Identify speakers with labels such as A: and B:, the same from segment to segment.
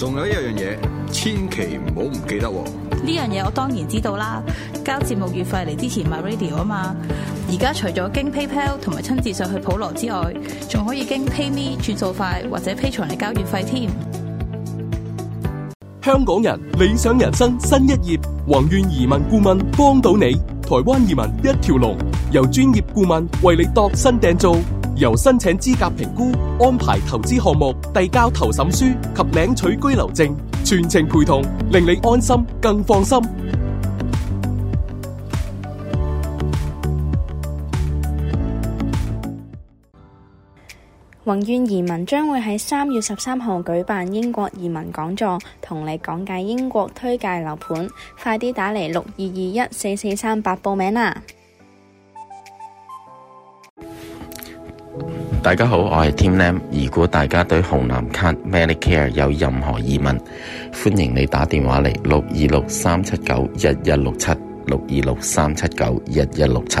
A: 仲有一樣嘢，千祈唔好唔記得。
B: 呢樣嘢我當然知道啦，交節目月費嚟支持 MyRadio 啊嘛。而家除咗經 PayPal 同埋親自上去普羅之外，仲可以經 PayMe 轉數快或者 Patreon 嚟交月費添。
C: 香港人理想人生
D: 新一頁，宏願移民顧問幫到你，台灣移民一條龍，由專業顧問為你度身訂造。由申請資格評估、安排投資項目、遞交投審書及領取居留證，全程陪同，令你安心
E: 更放心。
D: 宏願移民將會喺三月十三號舉辦英國移民講座，同你講解英國推介樓盤，快啲打嚟六二二一四四三八報名啦！
E: 大家好，我係 Tim Lam。如果大家對紅藍卡 Medicare 有任何疑問，歡迎你打電話嚟六二六三七九一一六七六二六三七九一一六七。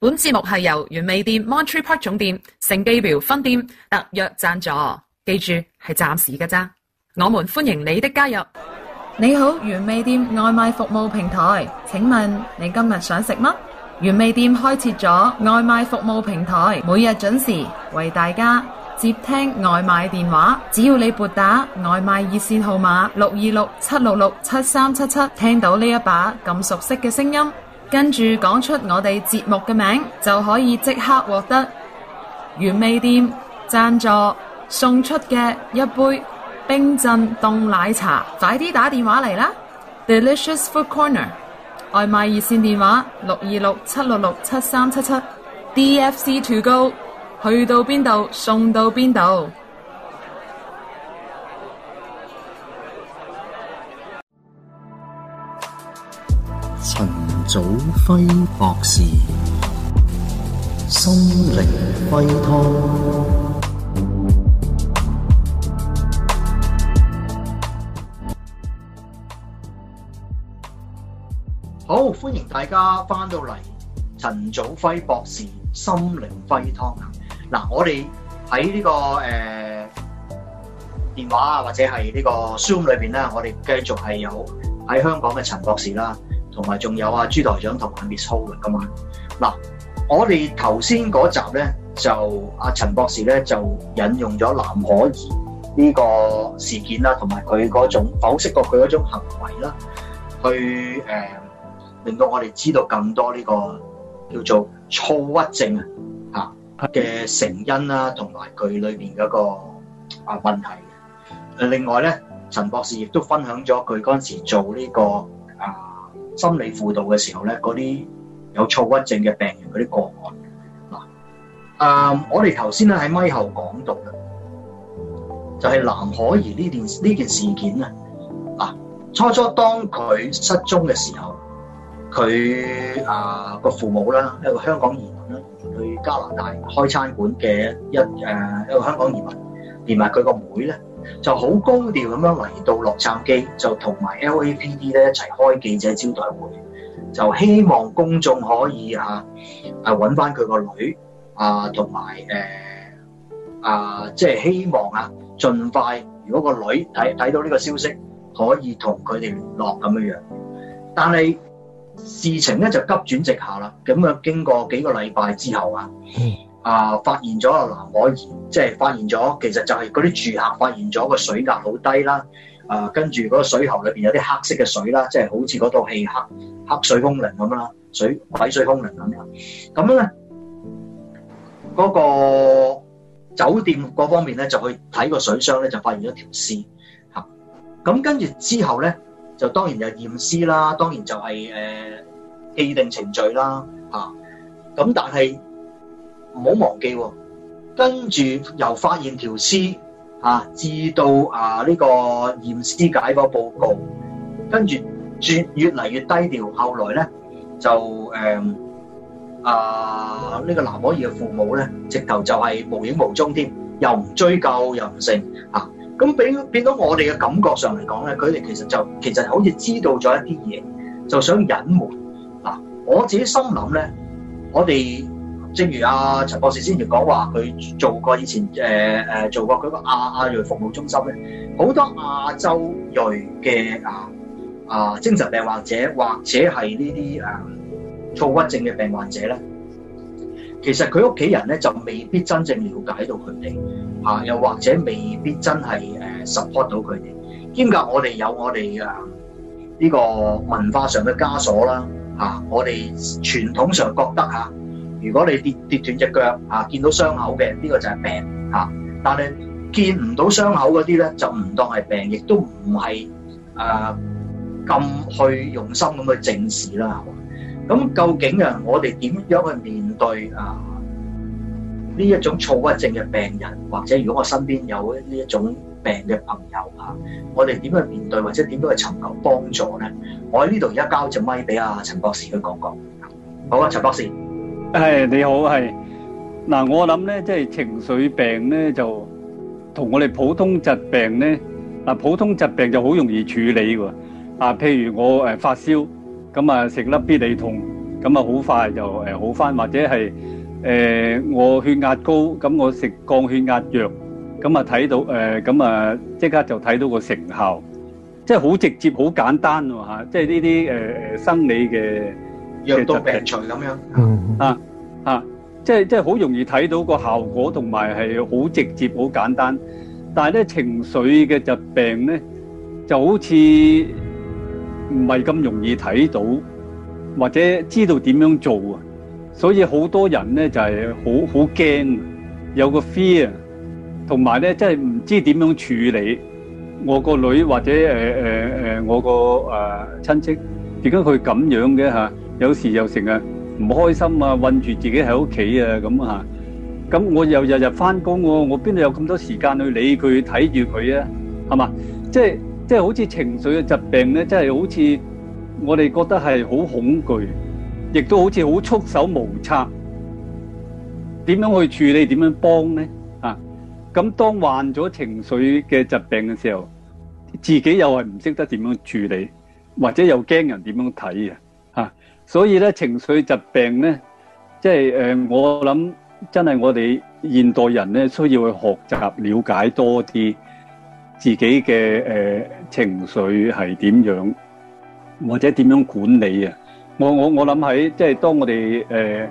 F: 本節目係由原味店 Monterey Park 總店、聖蓋博分店特約贊助，記住係暫時嘅咋。我們歡迎你的加入。你好，原味店外賣服務平台，請問你今日想食乜？原味店開設咗外賣服務平台，每日準時為大家接聽外賣電話。只要你撥打外賣熱線號碼六二六七六六七三七七，聽到呢一把咁熟悉嘅聲音，跟住講出我哋節目嘅名，就可以即刻獲得原味店贊助送出嘅一杯冰鎮凍奶茶。快啲打電話嚟啦！Delicious Food Corner 外賣熱線電話六二六七六六七三七七。DFC to go，去到邊度送到邊度？
D: 陳祖輝博士
G: 心靈雞
E: 湯。
D: 好，歡迎大家返到嚟。陳祖輝博士心靈雞湯。嗱，我哋喺呢個誒、呃、電話啊，或者係呢個 Zoom 裏邊咧，我哋繼續係有喺香港嘅陳博士啦。同埋仲有啊，朱台長同埋 Miss Ho 啊，今晚嗱，我哋頭先嗰集咧就阿陳博士咧就引用咗藍可兒呢個事件啦，同埋佢嗰種剖析過佢嗰種行為啦，去誒令到我哋知道更多呢個叫做躁鬱症啊嘅成因啦，同埋佢裏邊嗰個啊問題。另外咧，陳博士亦都分享咗佢嗰陣時做呢、這個啊。心理輔導嘅時候咧，嗰啲有躁鬱症嘅病人嗰啲個案，嗱，誒，我哋頭先咧喺咪後講到啦，就係藍可兒呢件呢件事件咧，嗱，初初當佢失蹤嘅時候，佢啊個父母啦，一個香港移民啦，去加拿大開餐館嘅一誒一個香港移民，連埋佢個妹啦。就好高調咁樣嚟到洛杉磯，就同埋 LAPD 咧一齊開記者招待會，就希望公眾可以啊啊揾翻佢個女啊，同埋誒啊，即係希望啊，盡快如果個女睇睇到呢個消息，可以同佢哋聯絡咁樣樣。但係事情咧就急轉直下啦，咁樣經過幾個禮拜之後啊、嗯。啊、呃！發現咗啊！我即係發現咗，其實就係嗰啲住客發現咗個水壓好低啦。啊、呃，跟住嗰個水喉裏邊有啲黑色嘅水啦，即係好似嗰度氣黑黑水功能咁啦，水鬼水功能咁啦。咁咧，嗰、那個酒店嗰方面咧就去睇個水箱咧，就發現咗條屍嚇。咁跟住之後咧，就當然就驗屍啦，當然就係、是、誒、呃、既定程序啦嚇。咁、啊、但係。唔好忘記，跟住由發現條屍吓，至到啊呢、這個驗屍解個報告，跟住越越嚟越低調。後來咧就誒、嗯、啊呢、這個藍可兒嘅父母咧，直頭就係無影無蹤添，又唔追究，又唔成啊。咁俾變到我哋嘅感覺上嚟講咧，佢哋其實就其實就好似知道咗一啲嘢，就想隱瞞。嗱、啊，我自己心諗咧，我哋。正如阿、啊、陳博士先前講話，佢做過以前誒誒、呃、做過佢個亞裔服務中心咧，好多亞洲裔嘅啊啊精神病患者，或者係呢啲誒躁鬱症嘅病患者咧，其實佢屋企人咧就未必真正了解到佢哋嚇，又或者未必真係誒、啊、support 到佢哋。兼夾我哋有我哋誒呢個文化上嘅枷鎖啦嚇、啊，我哋傳統上覺得嚇。啊如果你跌、跌斷隻腳啊，見到傷口嘅、呢、呢個就係病啊，但係見唔到傷口嗰啲咧就唔當係病，亦都唔係誒咁去用心咁去正視啦。咁究竟啊，我哋點樣去面對啊呢一種躁鬱症嘅病人，或者如果我身邊有呢一種病嘅朋友啊，我哋點去面對，或者點樣去尋求幫助咧？我喺呢度而家交隻咪俾阿陳博士去講講。好啊，陳博士。
C: 係、哎、你好，係嗱，我諗咧，即係情緒病咧，就同我哋普通疾病咧，嗱，普通疾病就好容易處理喎。啊，譬如我誒發燒，咁啊食粒必理痛，咁啊好快就誒好返，或者係誒我血壓高，咁我食降血壓藥，咁啊睇到誒，咁啊即刻就睇到個成效，即係好直接，好簡單吓，即係呢啲誒誒生理嘅。藥到病除咁樣，啊啊，即係即係好容易睇到個效果，同埋係好直接、好簡單。但係咧情緒嘅疾病咧，就好似唔係咁容易睇到，或者知道點樣做啊。所以好多人咧就係好好驚，有個 fear，同埋咧真係唔知點樣處理我女、呃呃。我個女或者誒誒誒，我個誒親戚，點解佢咁樣嘅吓。啊有時又成日唔開心啊，困住自己喺屋企啊，咁啊嚇。咁我又日日翻工喎，我邊度有咁多時間去理佢睇住佢啊？係嘛？即係即係好似情緒嘅疾病咧，真係好似我哋覺得係好恐懼，亦都好似好束手無策。點樣去處理？點樣幫咧？啊，咁當患咗情緒嘅疾病嘅時候，自己又係唔識得點樣處理，或者又驚人點樣睇啊？所以咧，情緒疾病咧，即係誒，我諗真係我哋現代人咧，需要去學習了解多啲自己嘅誒、呃、情緒係點樣，或者點樣管理啊！我我我諗喺即係當我哋誒、呃、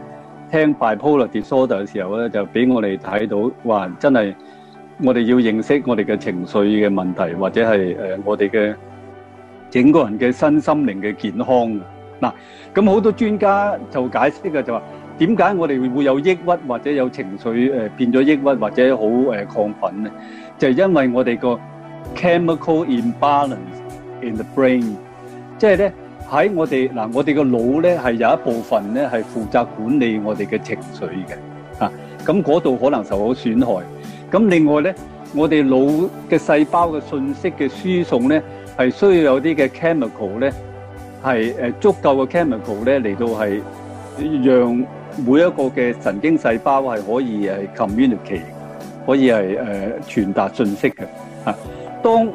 C: 聽 bipolar disorder 嘅時候咧，就俾我哋睇到話，真係我哋要認識我哋嘅情緒嘅問題，或者係誒、呃、我哋嘅整個人嘅身心靈嘅健康。嗱，咁好多專家就解釋嘅就話，點解我哋會有抑鬱或者有情緒誒變咗抑鬱或者好誒亢奮咧？就係因為我哋個 chemical imbalance in the brain，即係咧喺我哋嗱，我哋個腦咧係有一部分咧係負責管理我哋嘅情緒嘅啊，咁嗰度可能受到損害。咁另外咧，我哋腦嘅細胞嘅信息嘅輸送咧係需要有啲嘅 chemical 咧。係誒足夠嘅 chemical 咧嚟到係讓每一個嘅神經細胞係可以誒 communicate，可以係誒、呃、傳達信息嘅吓。當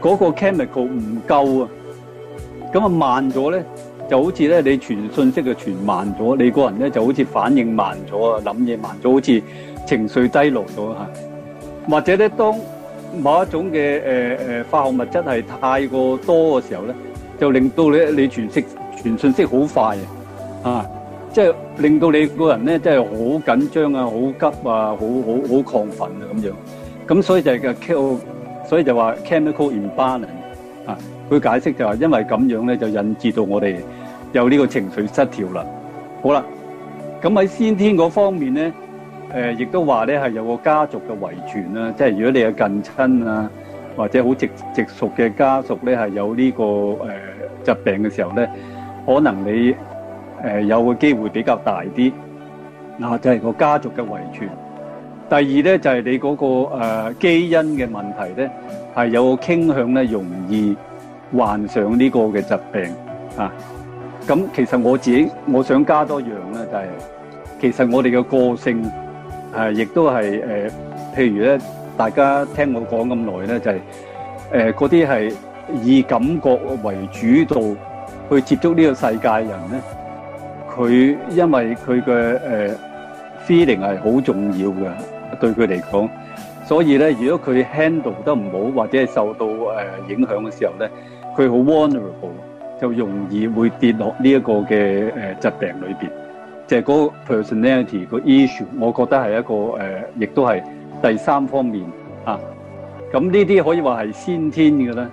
C: 嗰個 chemical 唔夠啊，咁啊慢咗咧，就好似咧你傳信息就傳慢咗，你個人咧就好似反應慢咗啊，諗嘢慢咗，好似情緒低落咗吓。或者咧，當某一種嘅誒誒化學物質係太過多嘅時候咧。就令到你你傳息傳信息好快啊！即係令到你個人咧，即係好緊張啊、好急啊、好好好亢奮啊咁樣。咁所以就嘅 k 所以就話 chemical imbalance 啊。佢解釋就話，因為咁樣咧，就引致到我哋有呢個情緒失調啦。好啦，咁喺先天嗰方面咧，誒、呃、亦都話咧係有個家族嘅遺傳啦，即係如果你嘅近親啊。或者好直直屬嘅家屬咧，係有呢、這個誒、呃、疾病嘅時候咧，可能你誒有個機會比較大啲。嗱、啊，就係、是、個家族嘅遺傳。第二咧，就係、是、你嗰、那個、呃、基因嘅問題咧，係有傾向咧，容易患上呢個嘅疾病啊。咁其實我自己我想加多樣咧，就係、是、其實我哋嘅個性係、呃、亦都係誒、呃，譬如咧。大家聽我講咁耐咧，就係誒嗰啲係以感覺為主導去接觸呢個世界嘅人咧，佢因為佢嘅誒 feeling 係好重要嘅，對佢嚟講，所以咧，如果佢 handle 得唔好或者係受到誒影響嘅時候咧，佢好 vulnerable，就容易會跌落呢一個嘅誒疾病裏邊，就係嗰個 personality 個 issue，我覺得係一個誒，亦都係。第三方面啊，咁呢啲可以話係先天嘅啦。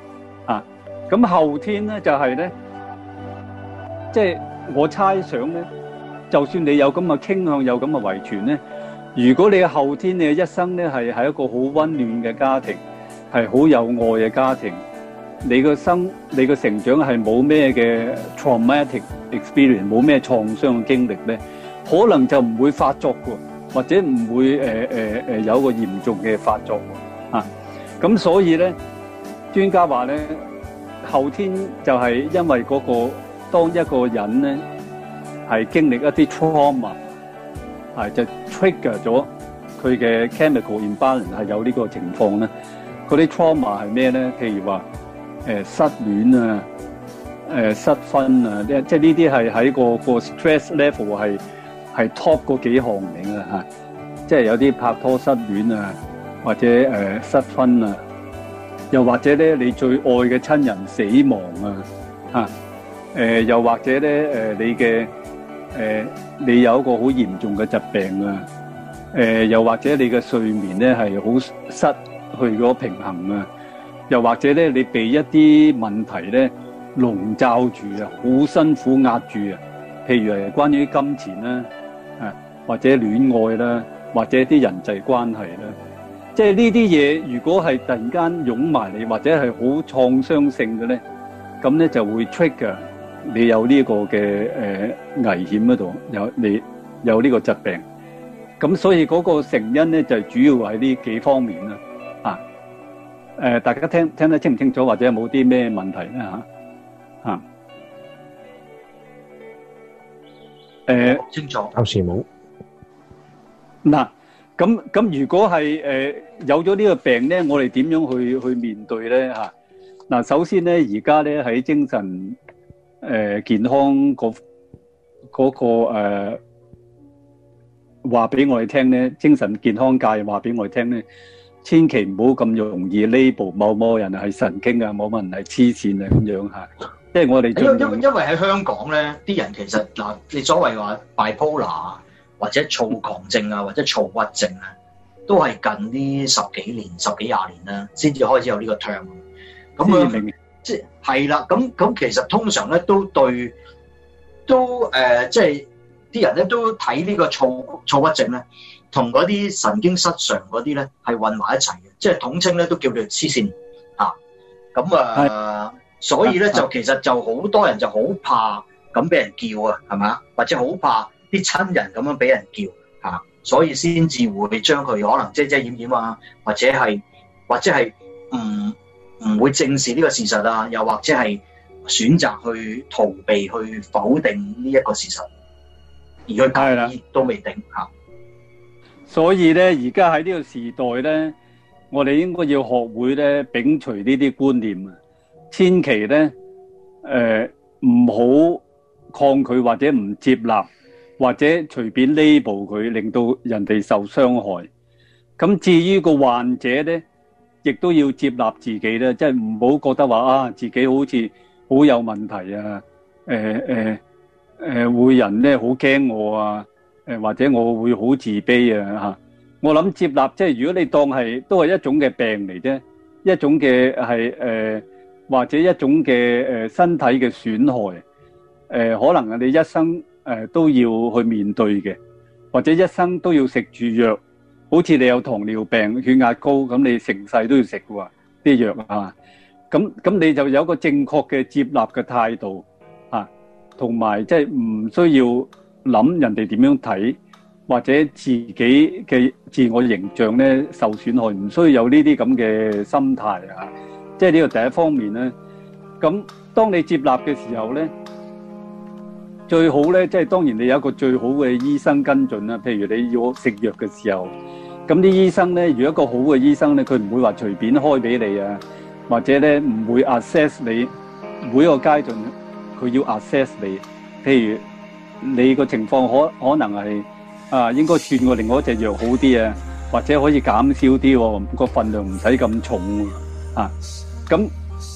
C: 啊，咁後天咧就係咧，即係我猜想咧，就算你有咁嘅傾向，有咁嘅遺傳咧，如果你嘅後天你嘅一生咧係係一個好溫暖嘅家庭，係好有愛嘅家庭，你個生你個成長係冇咩嘅 traumatic experience，冇咩創傷嘅經歷咧，可能就唔會發作嘅。或者唔會有個個嚴重嘅發作咁、啊、所以咧，專家話咧，後天就係因為嗰、那個當一個人咧係經歷一啲 trauma，係就 trigger 咗佢嘅 chemical imbalance 係有呢個情況咧。嗰啲 trauma 係咩咧？譬如話、呃、失戀啊、呃、失婚啊，即係呢啲係喺個、這個 stress level 係。係 top 嗰幾項名啦嚇，即係有啲拍拖失戀啊，或者誒、呃、失婚啊，又或者咧你最愛嘅親人死亡啊，嚇、啊、誒、呃，又或者咧誒、呃、你嘅誒、呃、你有一個好嚴重嘅疾病啊，誒、呃、又或者你嘅睡眠咧係好失去咗平衡啊，又或者咧你被一啲問題咧籠罩住啊，好辛苦壓住啊，譬如係關於金錢啦、啊。或者戀愛啦，或者啲人際關係啦，即係呢啲嘢，如果係突然間湧埋嚟，或者係好創傷性嘅咧，咁咧就會 trigger 你有呢個嘅誒危險喺度，有你有呢個疾病。咁所以嗰個成因咧就主要係呢幾方面啦。啊，誒大家聽聽得清唔清楚，或者有冇啲咩問題咧嚇？啊，誒清
A: 楚，暫時冇。
C: 嗱，咁咁如果係誒有咗呢個病咧，我哋點樣去去面對咧嚇？嗱，首先咧，而家咧喺精神誒健康個嗰個誒話俾我哋聽咧，精神健康界話俾我哋聽咧，千祈唔好咁容易 label 某某人係神經啊，某某人係痴線啊咁樣嚇。即係
D: 我哋因因因為喺香港咧，啲人其實嗱，你所謂話 bipolar。或者躁狂症啊，或者躁鬱症啊，都係近呢十幾年、十幾廿年啦，先至開始有呢個 term。咁樣即係係啦。咁、嗯、咁其實通常咧都對都誒，即係啲人咧都睇呢個躁躁鬱症咧，同嗰啲神經失常嗰啲咧係混埋一齊嘅，即係統稱咧都叫做痴線嚇。咁啊、呃，所以咧就其實就好多人就好怕咁俾人叫啊，係咪？或者好怕。啲親人咁樣俾人叫吓，所以先至會將佢可能遮遮掩掩啊，或者係，或者係唔唔會正視呢個事實啊，又或者係選擇去逃避去否定呢一個事實，而去揀都未定吓，
C: 所以咧，而家喺呢個時代咧，我哋應該要學會咧摒除呢啲觀念啊，千祈咧誒唔好抗拒或者唔接納。或者隨便 label 佢，令到人哋受傷害。咁至於個患者咧，亦都要接納自己咧，即係唔好覺得話啊，自己好似好有問題啊。誒誒誒，會人咧好驚我啊。誒或者我會好自卑啊嚇。我諗接納，即係如果你當係都係一種嘅病嚟啫，一種嘅係誒，或者一種嘅誒身體嘅損害。誒可能你一生。誒，都要去面對嘅，或者一生都要食住藥，好似你有糖尿病、血壓高，咁你成世都要食嘅喎啲藥啊，咁咁你就有一個正確嘅接納嘅態度啊，同埋即係唔需要諗人哋點樣睇，或者自己嘅自我形象咧受損害，唔需要有呢啲咁嘅心態啊，即係呢個第一方面咧。咁當你接納嘅時候咧。最好咧，即係當然你有一個最好嘅醫生跟進啦。譬如你要食藥嘅時候，咁啲醫生咧，如果一個好嘅醫生咧，佢唔會話隨便開俾你啊，或者咧唔會 assess 你每一個階段，佢要 assess 你。譬如你個情況可可能係啊，應該轉個另外一隻藥好啲啊，或者可以減少啲喎，個份量唔使咁重啊。咁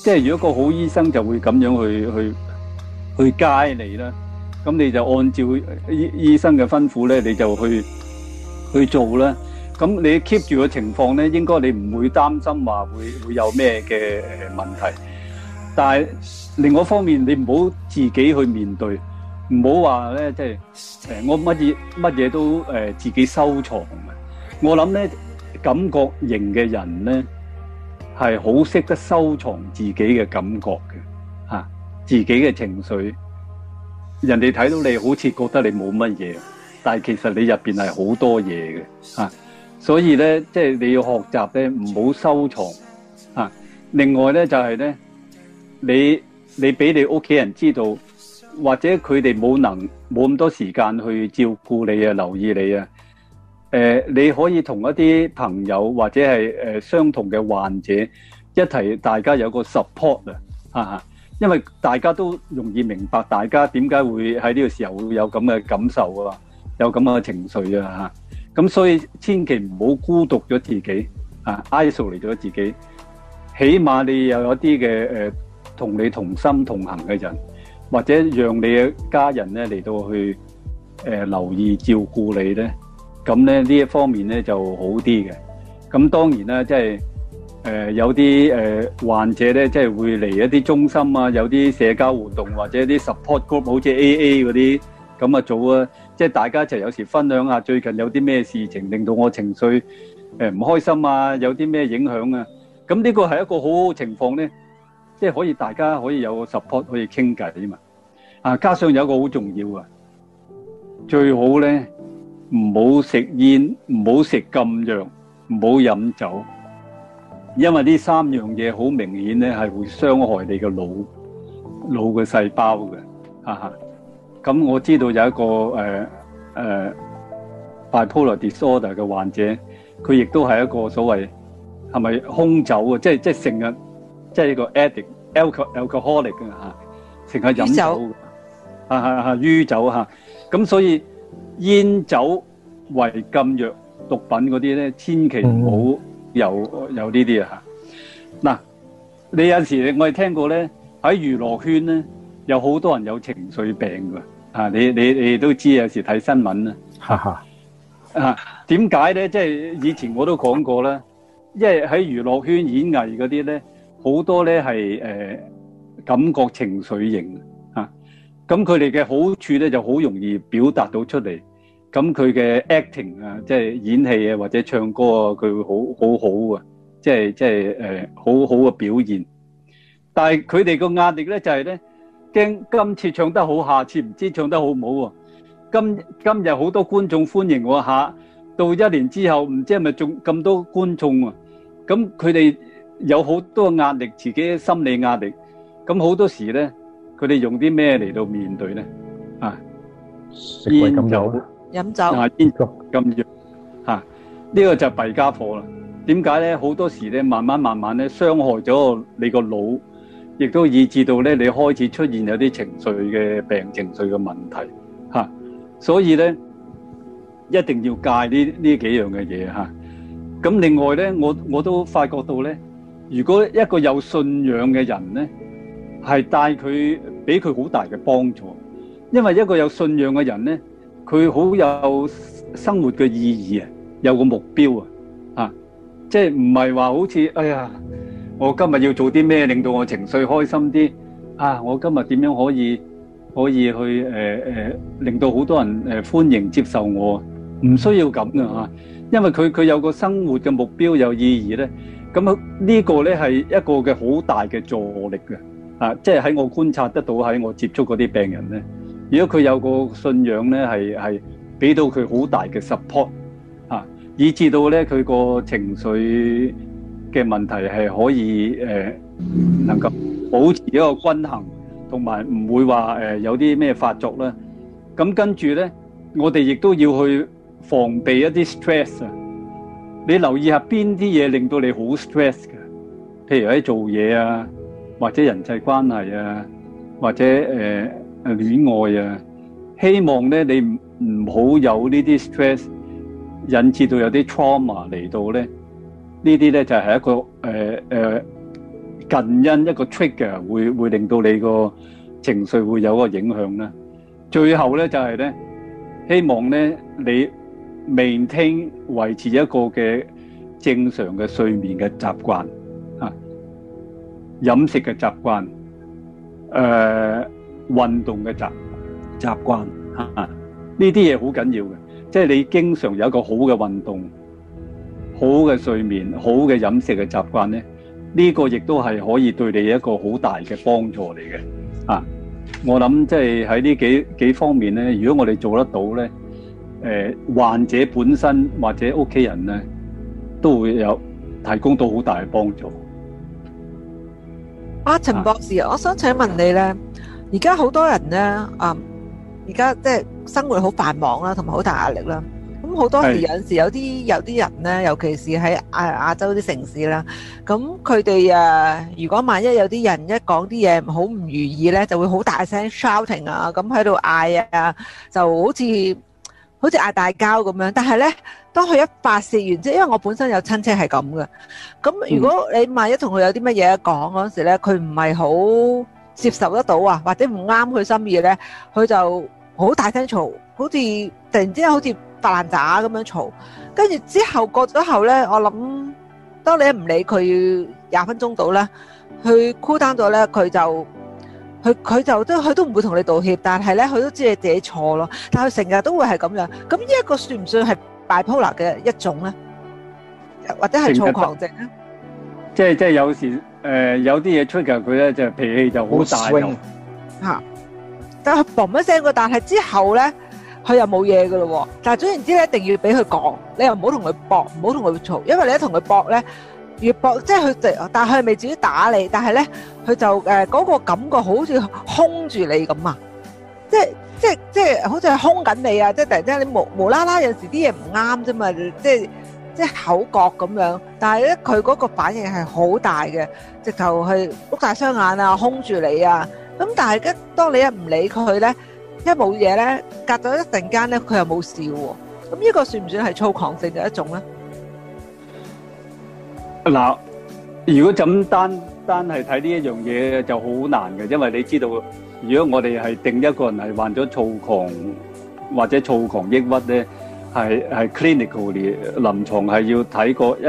C: 即係如果一個好醫生就會咁樣去去去解你啦。咁你就按照醫醫生嘅吩咐咧，你就去去做啦。咁你 keep 住個情況咧，應該你唔會擔心話會會有咩嘅誒問題。但係另外一方面，你唔好自己去面對，唔好話咧，即係誒我乜嘢乜嘢都誒自己收藏。我諗咧，感覺型嘅人咧係好識得收藏自己嘅感覺嘅，嚇自己嘅情緒。人哋睇到你，好似覺得你冇乜嘢，但係其實你入面係好多嘢嘅，啊、所以咧，即、就、係、是、你要學習咧，唔好收藏，啊、另外咧，就係、是、咧，你你俾你屋企人知道，或者佢哋冇能冇咁多時間去照顧你啊、留意你啊、呃。你可以同一啲朋友或者係、呃、相同嘅患者一齊，大家有個 support 啊！啊因為大家都容易明白，大家點解會喺呢個時候會有咁嘅感受啊，有咁嘅情緒啊，吓，咁所以千祈唔好孤獨咗自己，啊，isolate 咗自己，起碼你有一啲嘅誒同你同心同行嘅人，或者讓你嘅家人咧，嚟到去誒留意照顧你咧，咁咧呢一方面咧就好啲嘅。咁當然啦，即係。誒，有啲誒患者咧，即係會嚟一啲中心啊，有啲社交活動或者啲 support group，好似 A A 嗰啲咁啊做啊，即係大家就有時分享下最近有啲咩事情令到我情緒誒唔開心啊，有啲咩影響啊？咁呢個係一個好好情況咧，即係可以大家可以有個 support 可以傾偈啊嘛。啊，加上有一個好重要啊，最好咧唔好食煙，唔好食禁藥，唔好飲酒。因為呢三樣嘢好明顯咧，係會傷害你個腦、腦嘅細胞嘅，哈、啊、哈。咁、嗯、我知道有一個誒誒、呃呃、bipolar disorder 嘅患者，佢亦都係一個所謂係咪空酒是是是 edic, alco, 啊？即係即係成日即係一個 addict alcohol alcoholic 成日飲酒，啊啊啊，酗酒嚇。咁所以煙酒違禁藥、毒品嗰啲咧，千祈唔好。嗯有有呢啲啊嚇！嗱，你有時我哋聽過咧，喺娛樂圈咧有好多人有情緒病㗎啊！你你你都知有時睇新聞啦，
A: 嚇
C: 嚇啊！點解咧？即係以前我都講過啦，因為喺娛樂圈演藝嗰啲咧，好多咧係誒感覺情緒型啊，咁佢哋嘅好處咧就好容易表達到出嚟。咁佢嘅 acting 啊，即係演戲啊，或者唱歌啊，佢會好好好啊，即係即係誒好好嘅表現。但係佢哋個壓力咧就係咧，驚今次唱得好，下次唔知唱得好唔好喎。今今日好多觀眾歡迎喎，吓到一年之後唔知係咪仲咁多觀眾啊？咁佢哋有好多壓力，自己嘅心理壓力。咁好多時咧，佢哋用啲咩嚟到面對咧？啊，煙酒。
B: 飲酒、煙
C: 毒、禁藥，嚇呢個就係弊傢伙啦。點解咧？好多時咧，慢慢慢慢咧，傷害咗你個腦，亦都以致到咧，你開始出現有啲情緒嘅病、情緒嘅問題，嚇。所以咧，一定要戒呢呢幾樣嘅嘢嚇。咁另外咧，我我都發覺到咧，如果一個有信仰嘅人咧，係帶佢俾佢好大嘅幫助，因為一個有信仰嘅人咧。佢好有生活嘅意義啊，有個目標啊，啊，即係唔係話好似，哎呀，我今日要做啲咩令到我情緒開心啲啊？我今日點樣可以可以去、呃、令到好多人誒歡迎接受我？唔需要咁啊，因為佢佢有個生活嘅目標有意義咧，咁啊呢個咧係一個嘅好大嘅助力嘅，啊，即係喺我觀察得到喺我接觸嗰啲病人咧。如果佢有個信仰咧，係係俾到佢好大嘅 support 啊，以至到咧佢個情緒嘅問題係可以誒、呃，能夠保持一個均衡，同埋唔會話誒、呃、有啲咩發作啦。咁、啊、跟住咧，我哋亦都要去防備一啲 stress 啊。你留意一下邊啲嘢令到你好 stress 嘅，譬如喺做嘢啊，或者人際關係啊，或者誒。呃誒戀愛啊！希望咧你唔唔好有呢啲 stress 引致到有啲 trauma 嚟到咧，呢啲咧就係一個誒誒近因一個 trigger，會會令到你個情緒會有個影響啦。最後咧就係咧，希望咧你 maintain 維持一個嘅正常嘅睡眠嘅習慣啊，飲食嘅習慣誒。運動嘅習習慣吓，呢啲嘢好緊要嘅，即係你經常有一個好嘅運動、好嘅睡眠、好嘅飲食嘅習慣咧，呢個亦都係可以對你一個好大嘅幫助嚟嘅啊！我諗即係喺呢幾幾方面咧，如果我哋做得到咧，誒，患者本身或者屋企人咧，都會有提供到好大嘅幫助。阿
B: 陳博士啊，我想請問你咧。而家好多人呢，啊、嗯！而家即係生活好繁忙啦，同埋好大壓力啦。咁好多有時有陣時有啲有啲人呢，尤其是喺亞洲啲城市啦，咁佢哋誒，如果萬一有啲人一講啲嘢好唔如意呢，就會好大聲 shouting 啊，咁喺度嗌啊，就好似好似嗌大交咁樣。但係呢，當佢一發泄完即係，因為我本身有親戚係咁嘅。咁如果你萬一同佢有啲乜嘢講嗰陣時呢，佢唔係好。接受得到啊，或者唔啱佢心意咧，佢就好大聲嘈，好似突然之間好似發爛渣咁樣嘈。跟住之後過咗後咧，我諗當你唔理佢廿分鐘到咧，佢 cool down 咗咧，佢就佢佢就都佢都唔會同你道歉，但係咧佢都知你自己錯咯。但係佢成日都會係咁樣，咁呢一個算唔算係 bipolar 嘅一種咧？或者係躁狂症
C: 咧？即係即係有時。誒、呃，有啲嘢出嚟佢咧就脾氣就好大吓、no 嗯
B: 嗯嗯！但係嘣一聲佢，但係之後咧佢又冇嘢噶咯。但係總然之咧，一定要俾佢講，你又唔好同佢搏，唔好同佢嘈，因為你一同佢搏咧，越搏，越搏即係佢，但係佢未至於打你，但係咧佢就誒嗰、呃那個感覺好似兇住你咁啊！即係即係即係好似係兇緊你啊！即係突然之間你無無啦啦，有陣時啲嘢唔啱啫嘛，即係。即口角咁樣，但係咧佢嗰個反應係好大嘅，直頭係碌大雙眼啊，兇住你啊！咁但係一當你一唔理佢咧，一冇嘢咧，隔咗一陣間咧，佢又冇笑喎。咁呢個算唔算係躁狂症嘅一種咧？
C: 嗱，如果就咁單單係睇呢一樣嘢，就好難嘅，因為你知道，如果我哋係定一個人係患咗躁狂或者躁狂抑鬱咧。係係 clinical，臨床係要睇過一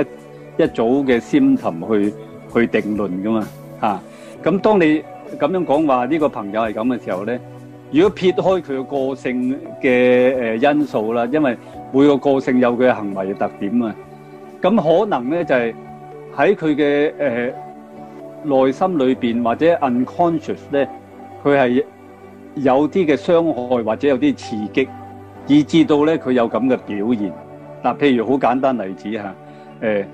C: 一早嘅 symptom 去去定論噶，嘛嚇，咁當你咁樣講話呢個朋友係咁嘅時候咧，如果撇開佢嘅個性嘅因素啦，因為每個個性有佢嘅行為嘅特點啊，咁可能咧就係喺佢嘅誒內心裏面，或者 unconscious 咧，佢係有啲嘅傷害或者有啲刺激。以至到咧佢有咁嘅表現，嗱，譬如好簡單例子嚇，誒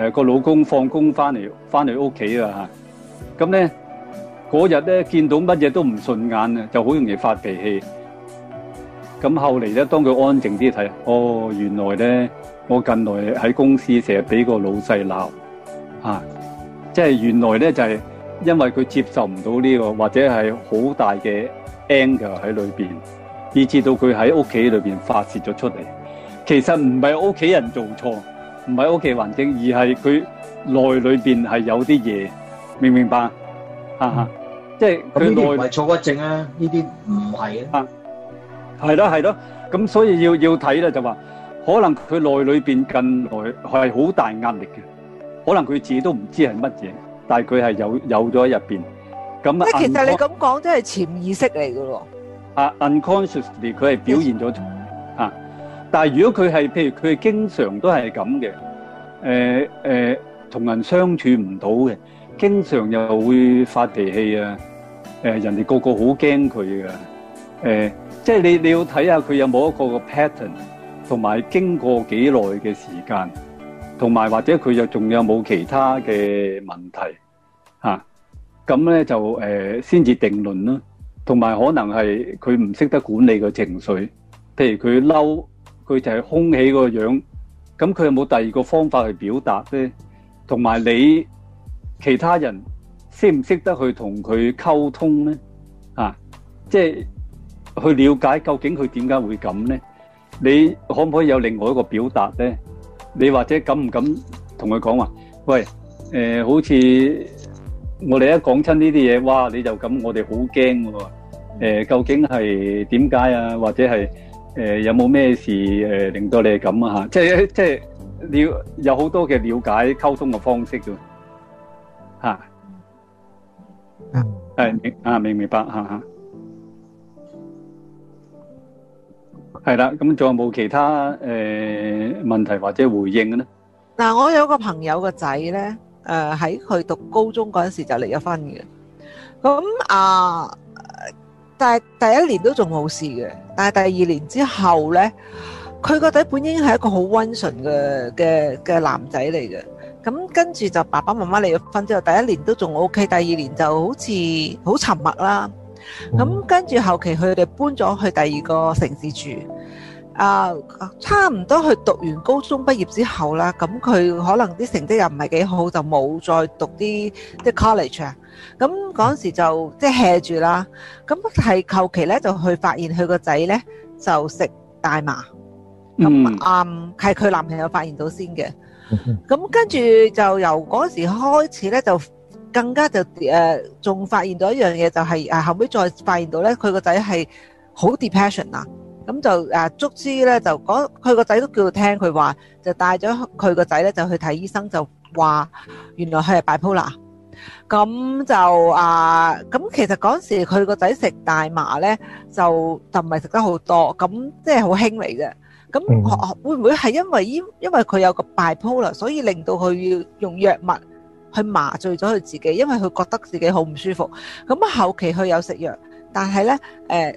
C: 誒個老公放工翻嚟翻嚟屋企啊嚇，咁咧嗰日咧見到乜嘢都唔順眼啊，就好容易發脾氣。咁後嚟咧，當佢安靜啲睇，哦，原來咧我近來喺公司成日俾個老細鬧，啊，即係原來咧就係因為佢接受唔到呢個或者係好大嘅 anger 喺裏邊。以致到佢喺屋企裏邊發洩咗出嚟，其實唔係屋企人做錯，唔係屋企環境，而係佢內裏邊係有啲嘢，明唔明白？啊，即係佢內唔係挫折症啊？呢啲唔係啊，係咯係咯，咁所以要要睇咧就話，可能佢內裏邊近來係好大壓力嘅，可能佢自己都唔知係乜嘢，但係佢係有有咗喺入邊咁。喂，其實你咁
B: 講，真係潛意識嚟噶咯。
C: 啊，unconsciously 佢係表現咗，啊！但係如果佢係譬如佢係經常都係咁嘅，誒誒，同人相處唔到嘅，經常又會發脾氣啊！誒，人哋個個好驚佢噶，誒，即係你你要睇下佢有冇一個個 pattern，同埋經過幾耐嘅時間，同埋或者佢又仲有冇其他嘅問題，啊！咁咧就誒先至定論啦。同埋可能係佢唔識得管理個情緒，譬如佢嬲，佢就係凶起個樣，咁佢有冇第二個方法去表達咧？同埋你其他人識唔識得去同佢溝通咧？啊，即係去了解究竟佢點解會咁咧？你可唔可以有另外一個表達咧？你或者敢唔敢同佢講話？喂，誒，好似我哋一講親呢啲嘢，哇！你就咁，我哋好驚噶喎！誒，究竟係點解啊？或者係誒有冇咩事誒，令到你係咁啊？吓，即係即係了有好多嘅了解溝通嘅方式嘅吓，嗯，係啊，明唔明白吓吓，係啦。咁仲有冇其他誒問題或者回應嘅咧？
B: 嗱，我有個朋友個仔咧，誒喺佢讀高中嗰陣時就離咗婚嘅，咁啊。但係第一年都仲冇事嘅，但係第二年之後呢，佢個仔本應係一個好温順嘅嘅嘅男仔嚟嘅，咁跟住就爸爸媽媽離咗婚之後，第一年都仲 OK，第二年就好似好沉默啦，咁跟住後期佢哋搬咗去第二個城市住。啊，差唔多去讀完高中畢業之後啦，咁佢可能啲成績又唔係幾好，就冇再讀啲即係 college 啊。咁嗰陣時就即係 hea 住啦。咁係求其咧就去發現佢個仔咧就食大麻。嗯。咁啱係佢男朋友發現到先嘅。嗯嗯。咁跟住就由嗰陣時開始咧，就更加就誒，仲發現到一樣嘢就係啊，後尾再發現到咧，佢個仔係好 depression 啊。咁就誒，足之咧就講，佢個仔都叫佢聽，佢話就帶咗佢個仔咧就去睇醫生，就話原來佢係 bipolar。咁就啊，咁其實嗰時佢個仔食大麻咧，就就唔係食得好多，咁即係好輕微嘅。咁會唔會係因為依因為佢有個 bipolar，所以令到佢要用藥物去麻醉咗佢自己，因為佢覺得自己好唔舒服。咁後期佢有食藥，但係咧誒。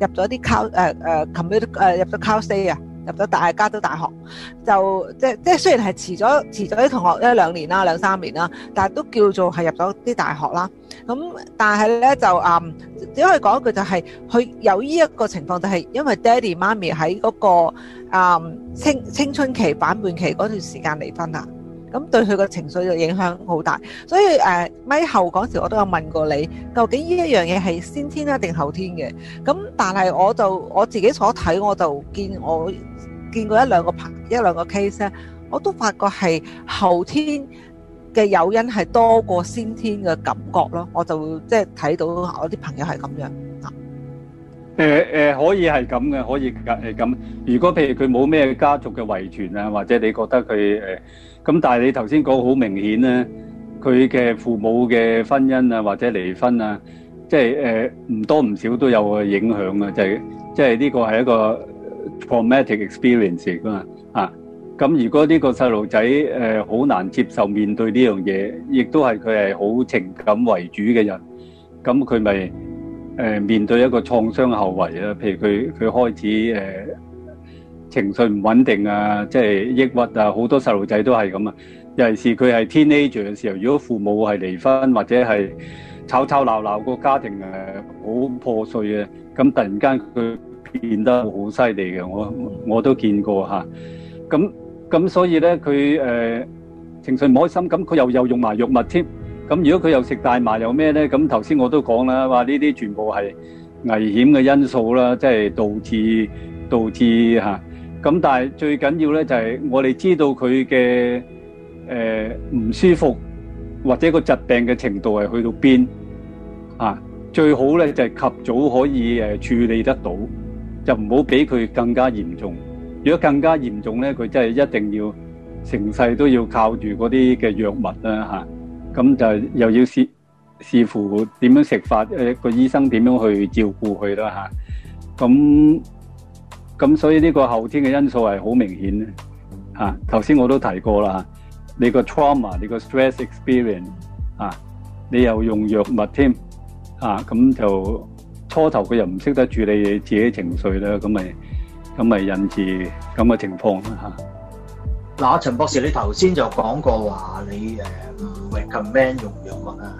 B: 入咗啲考誒，誒，琴日誒，入咗考四啊，入咗大加州大學，就即即，雖然係遲咗遲咗啲同學一兩年啦，兩三年啦，但係都叫做係入咗啲大學啦。咁但係咧，就啊，只可以講一句就係佢有呢一個情況就係因為爹哋媽咪喺嗰個啊，青青春期反叛期嗰段時間離婚啦。咁對佢個情緒就影響好大，所以誒，咪後嗰時我都有問過你，究竟呢一樣嘢係先天啊定後天嘅？咁但係我就我自己所睇，我就見我見過一兩個朋一兩個 case 咧，我都發覺係後天嘅誘因係多過先天嘅感覺咯，我就即係睇到我啲朋友係咁樣啊。
C: 誒誒，可以係咁嘅，可以係咁。如果譬如佢冇咩家族嘅遺傳啊，或者你覺得佢誒？咁但係你頭先講好明顯咧，佢嘅父母嘅婚姻啊，或者離婚啊，即係誒唔多唔少都有個影響啊！就係、是、即係呢個係一個 traumatic experience 啊！咁如果呢個細路仔誒好難接受面對呢樣嘢，亦都係佢係好情感為主嘅人，咁佢咪誒面對一個創傷後遺啊，譬如佢佢開始、呃情緒唔穩定啊，即係抑鬱啊，好多細路仔都係咁啊。尤其是佢係 teenager 嘅時候，如果父母係離婚或者係吵吵鬧鬧，個家庭誒好破碎嘅，咁突然間佢變得好犀利嘅，我我都見過嚇。咁咁所以咧，佢誒情緒唔開心，咁佢又又用埋藥物添。咁如果佢又食大麻又咩咧？咁頭先我都講啦，話呢啲全部係危險嘅因素啦，即係導致導致嚇。咁但係最緊要咧就係我哋知道佢嘅誒唔舒服，或者個疾病嘅程度係去到邊啊？最好咧就係及早可以誒處理得到，就唔好俾佢更加嚴重。如果更加嚴重咧，佢真係一定要成世都要靠住嗰啲嘅藥物啦嚇。咁就又要視視乎點樣食法誒，個醫生點樣去照顧佢啦嚇。咁咁所以呢個後天嘅因素係好明顯咧嚇，頭、啊、先我都提過啦，你個 trauma，你個 stress experience，啊，你又用藥物添，啊，咁就初頭佢又唔識得處理自己的情緒咧，咁咪咁咪引致咁嘅情況啦嚇。嗱、啊，陳博士，你頭
D: 先就講過話你誒唔、uh, recommend 用藥物啊，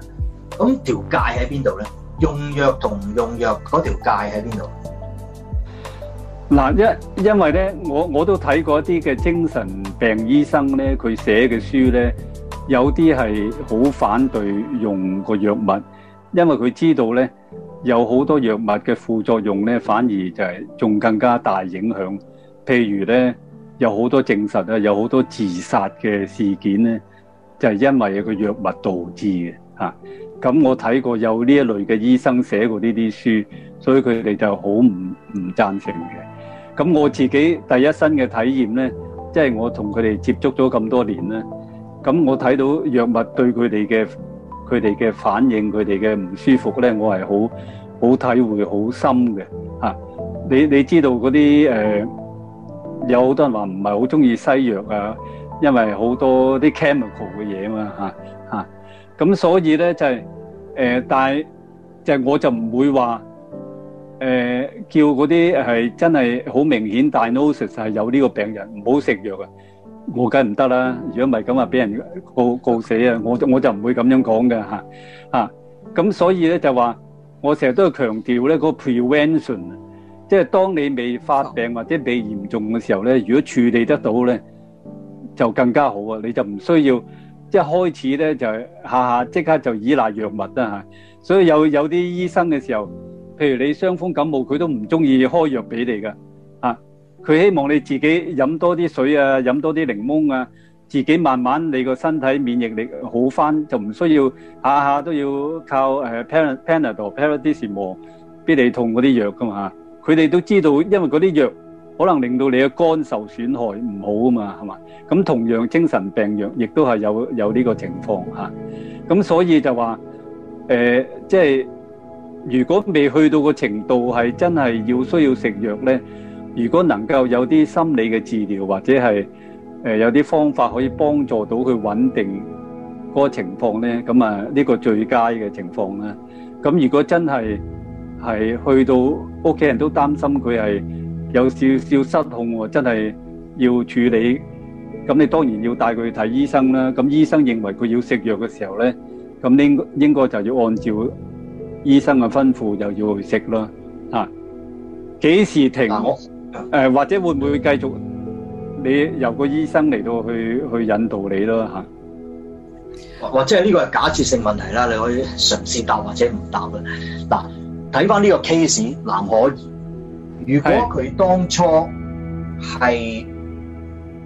D: 咁條界喺邊度咧？用藥同用藥嗰條界喺邊度？
C: 嗱，因因為咧，我我都睇過一啲嘅精神病醫生咧，佢寫嘅書咧，有啲係好反對用個藥物，因為佢知道咧，有好多藥物嘅副作用咧，反而就係仲更加大影響。譬如咧，有好多證實啊，有好多自殺嘅事件咧，就係、是、因為有個藥物導致嘅吓。咁、啊、我睇過有呢一類嘅醫生寫過呢啲書，所以佢哋就好唔唔贊成嘅。咁我自己第一身嘅體驗咧，即係我同佢哋接觸咗咁多年咧，咁我睇到藥物對佢哋嘅佢哋嘅反應，佢哋嘅唔舒服咧，我係好好體會好深嘅嚇。你你知道嗰啲誒有好多人話唔係好中意西藥啊，因為好多啲 chemical 嘅嘢啊嘛嚇嚇咁，所以咧就係呃，但係就係我就唔會話。誒、呃，叫嗰啲係真係好明顯，diagnose 係有呢個病人，唔好食藥啊！我梗唔得啦，如果唔係咁啊，俾人告告死啊！我我就唔會咁樣講嘅吓啊！咁所以咧就話，我成日都係強調咧嗰個 prevention，即係當你未發病或者未嚴重嘅時候咧，如果處理得到咧，就更加好啊！你就唔需要一係、就是、開始咧就下下即刻就依賴藥物啦吓、啊。所以有有啲醫生嘅時候。譬如你傷風感冒，佢都唔中意開藥俾你噶，啊，佢希望你自己飲多啲水啊，飲多啲檸檬啊，自己慢慢你個身體免疫力好翻，就唔需要下下都要靠誒 pan panadol paracetamol 俾你痛嗰啲藥噶嘛，啊，佢哋都知道，因為嗰啲藥可能令到你嘅肝受損害唔好啊嘛，係嘛，咁同樣精神病藥亦都係有有呢個情況吓，咁、啊、所以就話誒、呃、即係。如果未去到個程度係真係要需要食藥呢，如果能夠有啲心理嘅治療或者係誒有啲方法可以幫助到佢穩定嗰個情況呢，咁啊呢個最佳嘅情況啦。咁如果真係係去到屋企人都擔心佢係有少少失控喎，真係要處理，咁你當然要帶佢去睇醫生啦。咁醫生認為佢要食藥嘅時候呢，咁應應該就要按照。醫生嘅吩咐又要去食咯。啊，幾時停？誒或者會唔會繼續？你由個醫生嚟到去去引
D: 導你咯，嚇。或者呢個係假設性問題啦，你可以嘗試答或者唔答嘅。嗱，睇翻呢個 case，藍可兒，如果佢當初係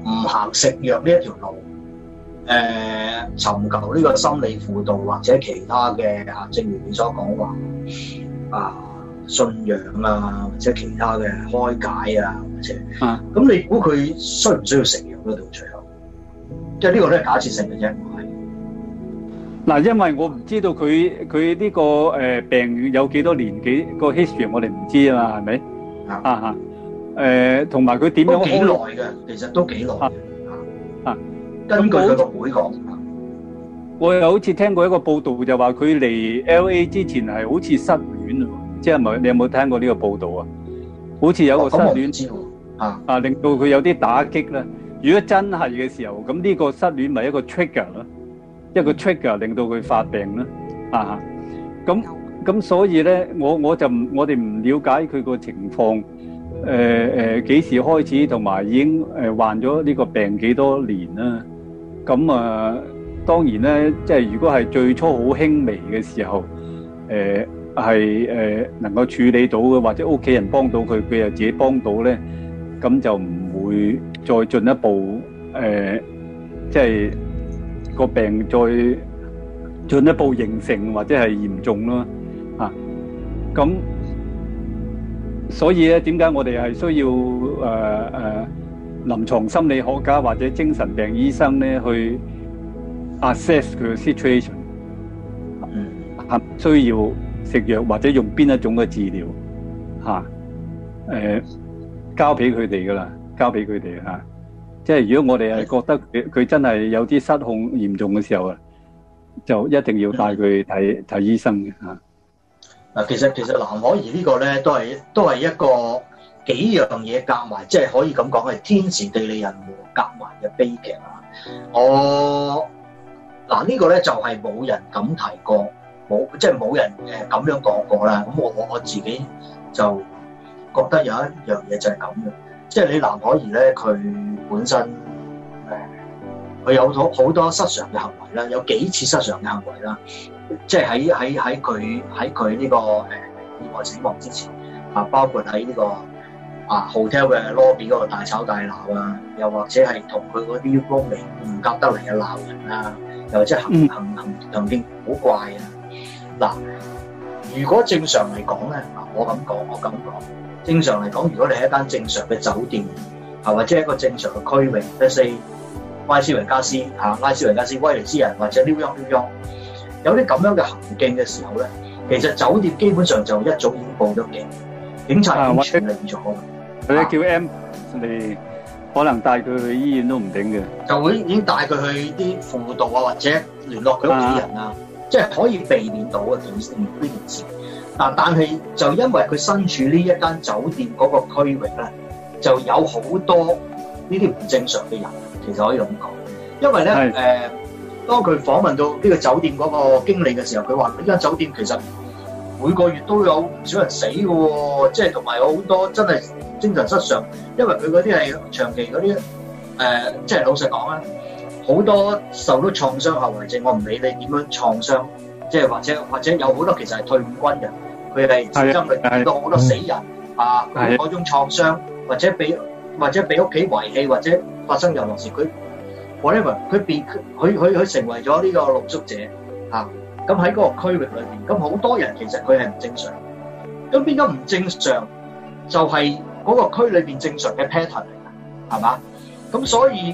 D: 唔行食藥呢一條路。誒、呃，尋求呢個心理輔導或者其他嘅，啊，正如你所講話啊，信仰啊，或者其他嘅開解啊，或者啊，咁你估佢需唔需要食藥咧？到最後，即係呢個咧，假設性嘅啫。我係
C: 嗱，因為我唔知道佢佢呢個誒病有幾多年幾個 history，我哋唔知啊嘛，係咪啊啊？誒、啊，同埋佢點樣開？都幾耐嘅，
D: 其實都幾耐。啊啊！根據
C: 佢個媒講，我又好似聽過一個報道就說他 LA，就話佢嚟 L A 之前係好似失戀即係咪？你有冇聽過呢個報道啊？好似有個失戀啊啊，令到佢有啲打擊咧。如果真係嘅時候，咁呢個失戀咪一個 trigger 咯，一個 trigger 令到佢發病咧啊。咁咁所以咧，我我就唔我哋唔了解佢個情況，
E: 誒、呃、誒，
C: 幾、呃、時開始同埋已經誒患咗呢個病幾多年啦？咁啊，當然咧，即係如果係最初好輕微嘅時候，誒係誒能夠處理到嘅，或者屋企人幫到佢，佢又自己幫到咧，咁就唔會再進一步，誒，即係個病再進一步形成或者係嚴重咯，啊，咁所以咧，點解我哋係需要誒誒臨床心理學家或者精神病醫生咧，去 assess 佢嘅 situation，係、嗯、需要食藥或者用邊一種嘅治療嚇？誒、啊呃，交俾佢哋噶啦，交俾佢哋嚇。即係如果我哋係覺得佢佢真係有啲失控嚴重嘅時候啊，就一定要帶佢睇睇醫生嘅
D: 嚇。其實其實藍可兒個呢個咧，都係都係一個。幾樣嘢夾埋，即係可以咁講係天時地利人和夾埋嘅悲劇啊！我嗱呢個咧就係冇人咁提過，冇即係冇人誒咁樣講過啦。咁我我自己就覺得有一樣嘢就係咁嘅，即係你藍可兒咧，佢本身誒佢有咗好多失常嘅行為啦，有幾次失常嘅行為啦，即係喺喺喺佢喺佢呢個誒意外死亡之前啊，包括喺呢個。啊，hotel 嘅 lobby 嗰度大吵大鬧啊，又或者係同佢嗰啲方面唔夾得嚟嘅鬧人啊，又或者行、嗯、行行行行徑好怪啊。嗱、啊，如果正常嚟講咧，嗱我咁講，我咁講，正常嚟講，如果你係一間正常嘅酒店，係、啊、或者一個正常嘅區域，例如拉斯維加斯，拉斯維加斯威尼斯人或者 New York New York，有啲咁樣嘅行徑嘅時候咧，其實酒店基本上就一早已經報咗警，警察已經出嚟咗。
C: 佢叫 M，你可能帶佢去醫院都唔頂嘅。就會已經帶
D: 佢去啲輔導啊，或者聯絡佢屋企人啊，即係可以避免到啊，避免呢件事。嗱，但係就因為佢身處呢一間酒店嗰個區域咧，就有好多呢啲唔正常嘅人，其實可以咁講。因為咧，誒，當佢訪問到呢個酒店嗰個經理嘅時候，佢話呢間酒店其實。每個月都有唔少人死嘅，即係同埋有好多真係精神失常，因為佢嗰啲係長期嗰啲誒，即係老實講啊，好多受到創傷後遺症，我唔理你點樣創傷，即係或者或者有好多其實係退伍軍人，佢係真係見到好多死人是是啊，嗰種創傷，或者被或者被屋企遺棄，或者發生任何事，佢 whatever 佢變佢佢佢成為咗呢個露宿者啊。咁喺嗰個區域裏邊，咁好多人其實佢係唔正常。咁變咗唔正常，就係嗰個區裏邊正常嘅 pattern 嚟㗎，係嘛？咁所以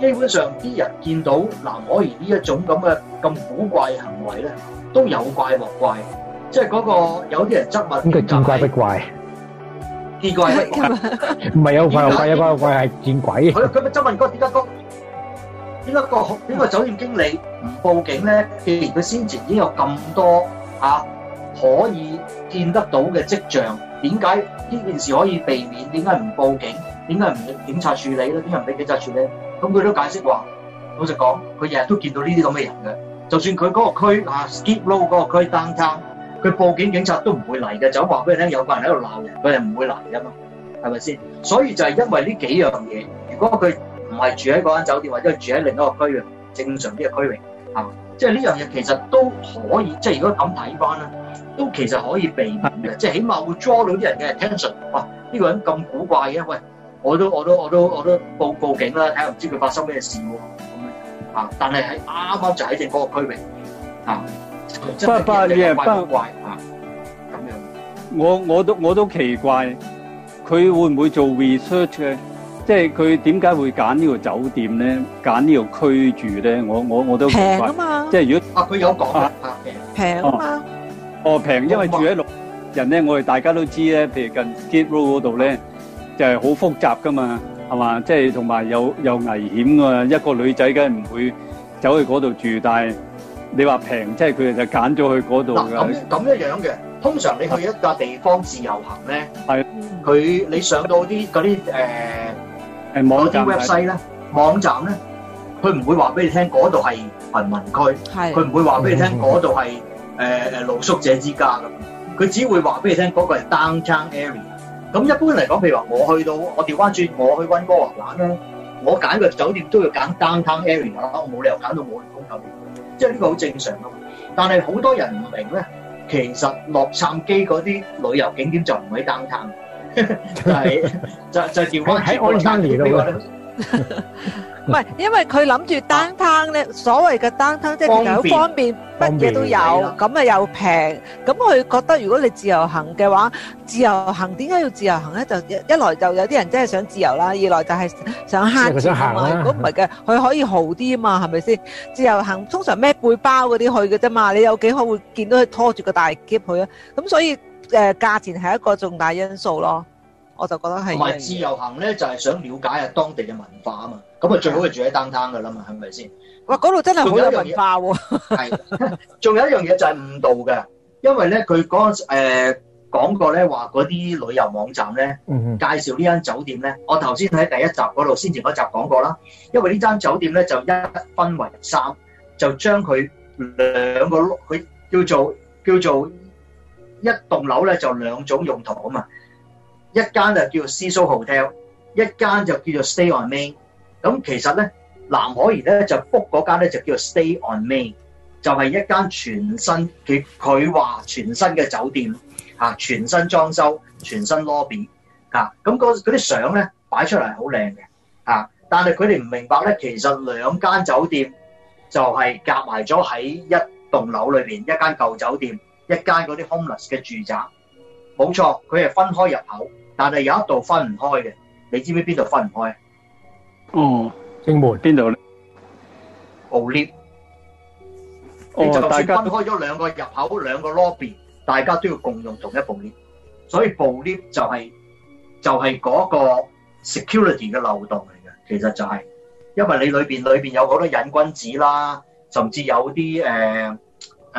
D: 基本上啲人見到藍可兒呢一種咁嘅咁古怪行為咧，都有怪莫怪，即係嗰個有啲人質問。邊個
A: 見怪不怪？
D: 見怪不怪，
A: 唔係有怪莫怪，有怪莫怪係見鬼。佢
D: 佢咪質問嗰啲得多？呢一個呢個酒店經理唔報警咧？既然佢先前已經有咁多啊，可以見得到嘅跡象，點解呢件事可以避免？點解唔報警？點解唔警察處理咧？點解唔俾警察處理咧？咁佢都解釋話，老實講，佢日日都見到呢啲咁嘅人嘅。就算佢嗰個區啊，Skip Low 嗰個區，Downtown，佢報警，警察都唔會嚟嘅。就咁話俾你聽，有個人喺度鬧人，佢就唔會嚟噶嘛，係咪先？所以就係因為呢幾樣嘢，如果佢。唔係住喺嗰間酒店，或者住喺另一個區域，正常啲嘅區域啊，即係呢樣嘢其實都可以，即係如果咁睇翻咧，都其實可以避免嘅，即係起碼會 draw 到啲人嘅 attention。哇，呢個人咁古怪嘅，喂，我都我都我都我都報報警啦，睇下唔知佢發生咩事喎。咁樣啊，但係喺啱啱就喺正嗰個區域啊，真係嘅，你又
C: 怪唔怪？啊，咁樣，我我都我都奇怪，佢會唔會做 research 嘅？即係佢點解會揀呢個酒店咧？揀呢個區住咧？我我我都平啊嘛！即係如果啊，佢有講嘅
B: 平啊嘛！
C: 哦，平，因為住喺六人咧，我哋大家都知咧。譬如近 Gate Road 嗰度咧，就係好複雜噶嘛，係嘛？即係同埋有有危險噶嘛。一個女仔梗係唔會走去嗰度住。但係你話平，即係佢哋就揀咗去嗰度。咁咁一樣
D: 嘅。通常你去一個地方自由行咧，係佢你上到啲嗰啲誒。有啲 website 咧，網站咧，佢唔會話俾你聽嗰度係貧民區，佢唔會話俾你聽嗰度係誒誒露宿者之家噶，佢只會話俾你聽嗰個係 downtown area。咁一般嚟講，譬如話我去到我調翻轉我去温哥華玩咧，我揀個酒店都要揀 downtown area 啦，我冇理由揀到冇人工酒店，即係呢個好正常噶。但係好多人唔明咧，其實洛杉磯嗰啲旅遊景點就唔喺 downtown。就係，就就調翻喺安達尼度。
B: 唔係，因為佢諗住單攤咧。所謂嘅單攤即係又好方便，乜嘢都有。咁啊又平。咁佢覺得如果你自由行嘅話，自由行點解要自由行咧？就一來就有啲人真係想自由啦，二來就係想慳錢啊。如果唔係嘅，佢可以豪啲啊嘛，係咪先？自由行通常孭背包嗰啲去嘅啫嘛。你有幾可會見到佢拖住個大篋去啊？咁所以。誒、呃、價錢係一個重大因素咯，我就覺得係。同埋自
D: 由行咧，就係、是、想了解下當地嘅文化啊嘛，咁啊最好係住喺單單噶啦嘛，係咪先？哇！嗰、啊、度真係好有文化喎、哦。係。仲有一樣嘢 就係誤導嘅，因為咧佢嗰陣誒講過咧話嗰啲旅遊網站咧、嗯、介紹呢間酒店咧，我頭先喺第一集嗰度先前嗰集講過啦，因為呢間酒店咧就一分為三，就將佢兩個佢叫做叫做。叫做一棟樓咧就兩種用途啊嘛，一間就叫 Cecil Hotel，一間就叫做 Stay On Main。咁其實咧，藍可兒咧就 book 嗰間咧就叫做 Stay On Main，就係一間全新，佢佢話全新嘅酒店，嚇全新裝修，全新 lobby，嚇咁嗰啲相咧擺出嚟好靚嘅，嚇，但係佢哋唔明白咧，其實兩間酒店就係夾埋咗喺一棟樓裏邊，一間舊酒店。一間嗰啲 homeless 嘅住宅，冇錯，佢係分開入口，但係有一度分唔開嘅，你知唔知邊度分唔開，
C: 嗯？哦，正門邊度咧
D: 部 lift 就就算分開咗兩個入口，兩、哦、個 lobby，大家，大家都要共用同一部 lift，所以部 lift 就係、是、就係、是、嗰個 security 嘅漏洞嚟嘅，其實就係、是，因為你裏邊裏邊有好多癮君子啦，甚至有啲誒。呃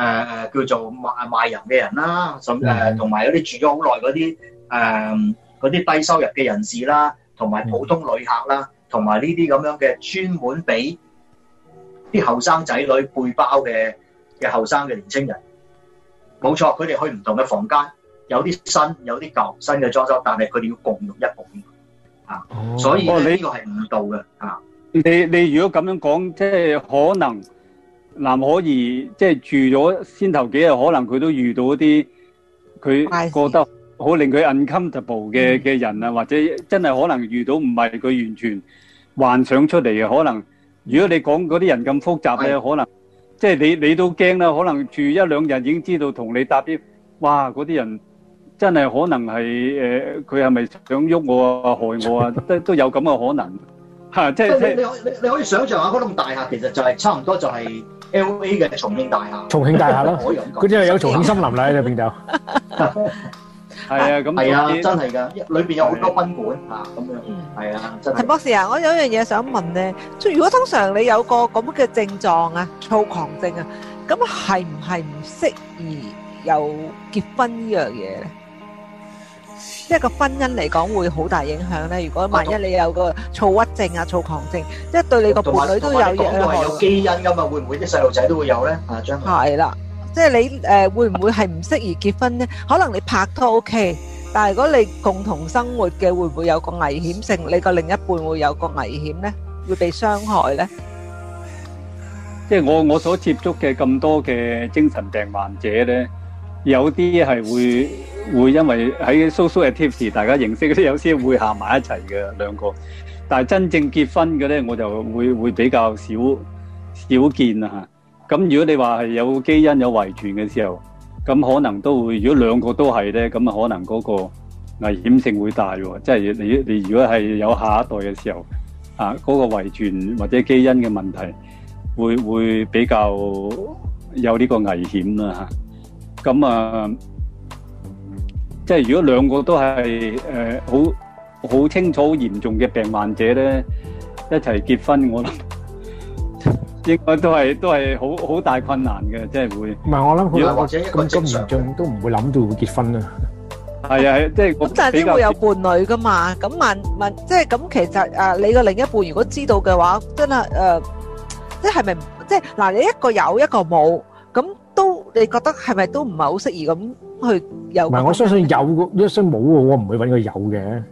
D: 誒誒，叫做賣賣淫嘅人啦，咁誒，同埋有啲住咗好耐嗰啲誒啲低收入嘅人士啦，同埋普通旅客啦，同埋呢啲咁樣嘅專門俾啲後生仔女背包嘅嘅後生嘅年青人，冇錯，佢哋去唔同嘅房間，有啲新，有啲舊，新嘅裝修，但係佢哋要共用一部，啊、哦，所以呢個係誤導嘅啊。
C: 你你如果咁樣講，即係可能。嗱，可以即係住咗先頭幾日，可能佢都遇到啲佢覺得好令佢 uncomfortable 嘅嘅人啊，或者真係可能遇到唔係佢完全幻想出嚟嘅可能。如果你講嗰啲人咁複雜嘅，可能即係你你都驚啦。可能住一兩日已經知道同你搭啲哇，嗰啲人真係可能係誒，佢係咪想喐我啊、害我啊，都都有咁嘅可能吓。即係即係，你你
D: 可以想象下嗰棟大廈，其實就係差唔多就係。L A 嘅重慶大廈，重慶大廈啦，佢係有重慶森林啦喺入邊就，係啊咁，係啊真係噶，裏邊有好多賓館嚇咁樣，係啊真。陳博
B: 士啊，我有樣嘢想問咧，如果通常你有個咁嘅症狀啊，躁狂症啊，咁係唔係唔適宜有結婚呢樣嘢咧？即係個婚姻嚟講會好大影響咧。如果萬一你有個躁鬱症啊、躁狂症，即係對你個伴侶都有影響。有基因噶
D: 嘛，會唔會啲細路仔都會有咧？
B: 啊，將來係啦，即係你誒，會唔會係唔適宜結婚咧？可能你拍拖 OK，但係如果你共同生活嘅，會唔會有個危險性？你個另一半會有個危險咧，會被傷害咧？
C: 即係我我所接觸嘅咁多嘅精神病患者咧，有啲係會。會因為喺叔叔嘅 Tips，大家認識啲有啲會行埋一齊嘅兩個，但係真正結婚嘅咧，我就會會比較少少見啊。咁如果你話係有基因有遺傳嘅時候，咁可能都會。如果兩個都係咧，咁啊可能嗰個危險性會大，啊、即係你你如果係有下一代嘅時候啊，嗰、嗰個遺傳或者基因嘅問題會會比較有呢個危險啦。咁啊。啊即係如果兩個都係誒好好清楚好嚴重嘅病患者咧，一齊結婚，我諗應該都係都係好好大困難嘅，即係會。
A: 唔係我諗，如果咁咁嚴重，都唔會諗到會結婚啊。
C: 係啊，即係咁。
B: 但係點會有伴侶噶嘛？咁問問，即係咁，其實誒，你個另一半如果知道嘅話，真係誒，即係係咪？即係嗱，你一個有一個冇，咁都你覺得係咪都唔係好適宜咁？唔係，我相信
A: 有個醫生冇喎，我唔會揾佢有嘅，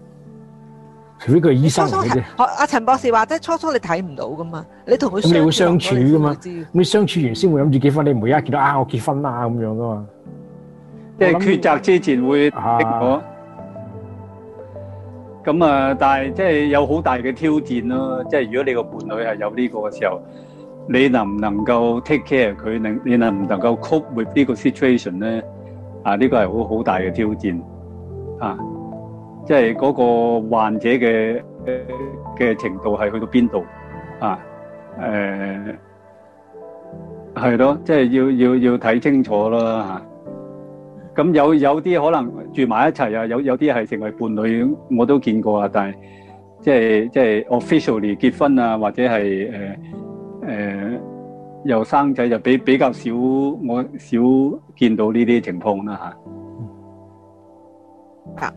A: 除非佢係醫生嚟嘅。
B: 阿陳博士話，即係初初你睇唔到噶嘛，你同佢相處，咁你會相處噶嘛？你，
A: 你相處完先會諗住結婚，嗯、你唔會一見到啊我結婚啦咁樣噶嘛？
E: 即
C: 係抉擇之前會我，我、啊、咁啊，但係即係有好大嘅挑戰咯、啊。即係如果你伴侶個伴侶係有呢個嘅時候，你能唔能夠 take care 佢，你你能唔能夠 cope with 呢個 situation 咧？啊！呢、呢個係好好大嘅挑戰啊！即係嗰個患者嘅嘅、呃、程度係去到邊度啊？誒係咯，即係、即係、要要要睇清楚啦嚇。咁、啊、有有啲可能住埋一齊啊，有有啲係成為伴侶，我都見過啊。但係即係即係 officially 結婚啊，或者係誒誒。呃呃又生仔就比比較少，我少見到呢啲情況啦吓。
E: 好，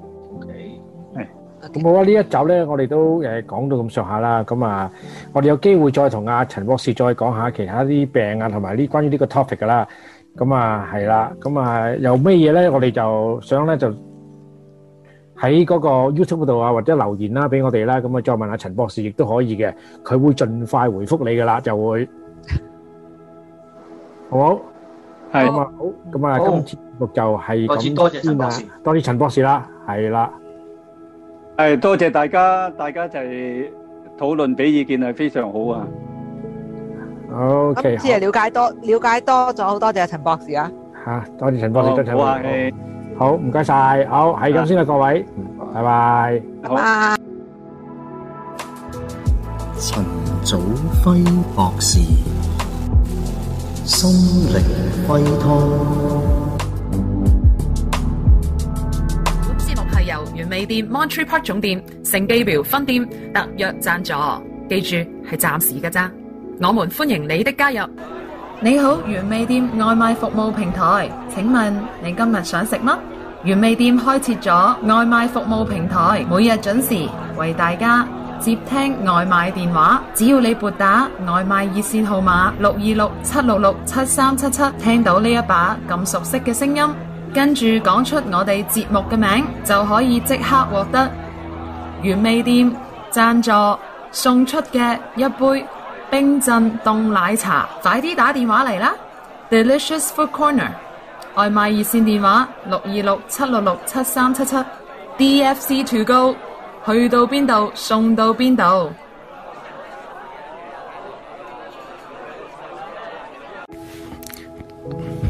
E: 咁
A: 我咧呢一集咧，我哋都誒講到咁上下啦。咁啊，我哋有機會再同阿陳博士再講下其他啲病啊，同埋呢關於呢個 topic 噶啦。咁啊係啦，咁啊有咩嘢咧，我哋就想咧就喺嗰個 YouTube 度啊，或者留言啦俾我哋啦。咁啊，再問下陳博士亦都可以嘅，佢會盡快回覆你噶啦，就會。好，係咁啊，好，咁啊，今次節目就係咁先啦。多謝陳博士啦，係啦，係多
C: 謝大家，大家就係討論俾意見係非常好
A: 啊。好，今次係
B: 了解多了解多咗好多，多謝陳博士啊。
A: 吓，多謝陳博士，好啊，好，唔該曬，好，係咁先啦，各位，拜拜，拜拜，
D: 陳祖輝博士。
G: 心靈雞湯。
F: 本節目係由原味店 Montreal Park 總店、盛記表分店特約贊助，記住係暫時噶咋。我們歡迎你的加入。你好，原味店外賣服務平台，請問你今日想食乜？原味店開設咗外賣服務平台，每日準時為大家。接聽外賣電話，只要你撥打外賣熱線號碼六二六七六六七三七七，聽到呢一把咁熟悉嘅聲音，跟住講出我哋節目嘅名，就可以即刻獲得原味店讚助送出嘅一杯冰鎮凍奶茶。快啲打電話嚟啦！Delicious Food Corner 外賣熱線電話六二六七六六七三七七，DFC Two Go。去到邊度送到邊度？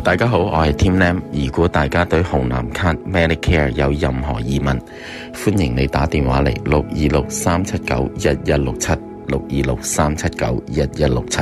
E: 大家好，我係 Tim Lam。如果大家對紅藍卡 Medicare 有任何疑問，歡迎你打電話嚟六二六三七九一一六七六二六三七九一一六七。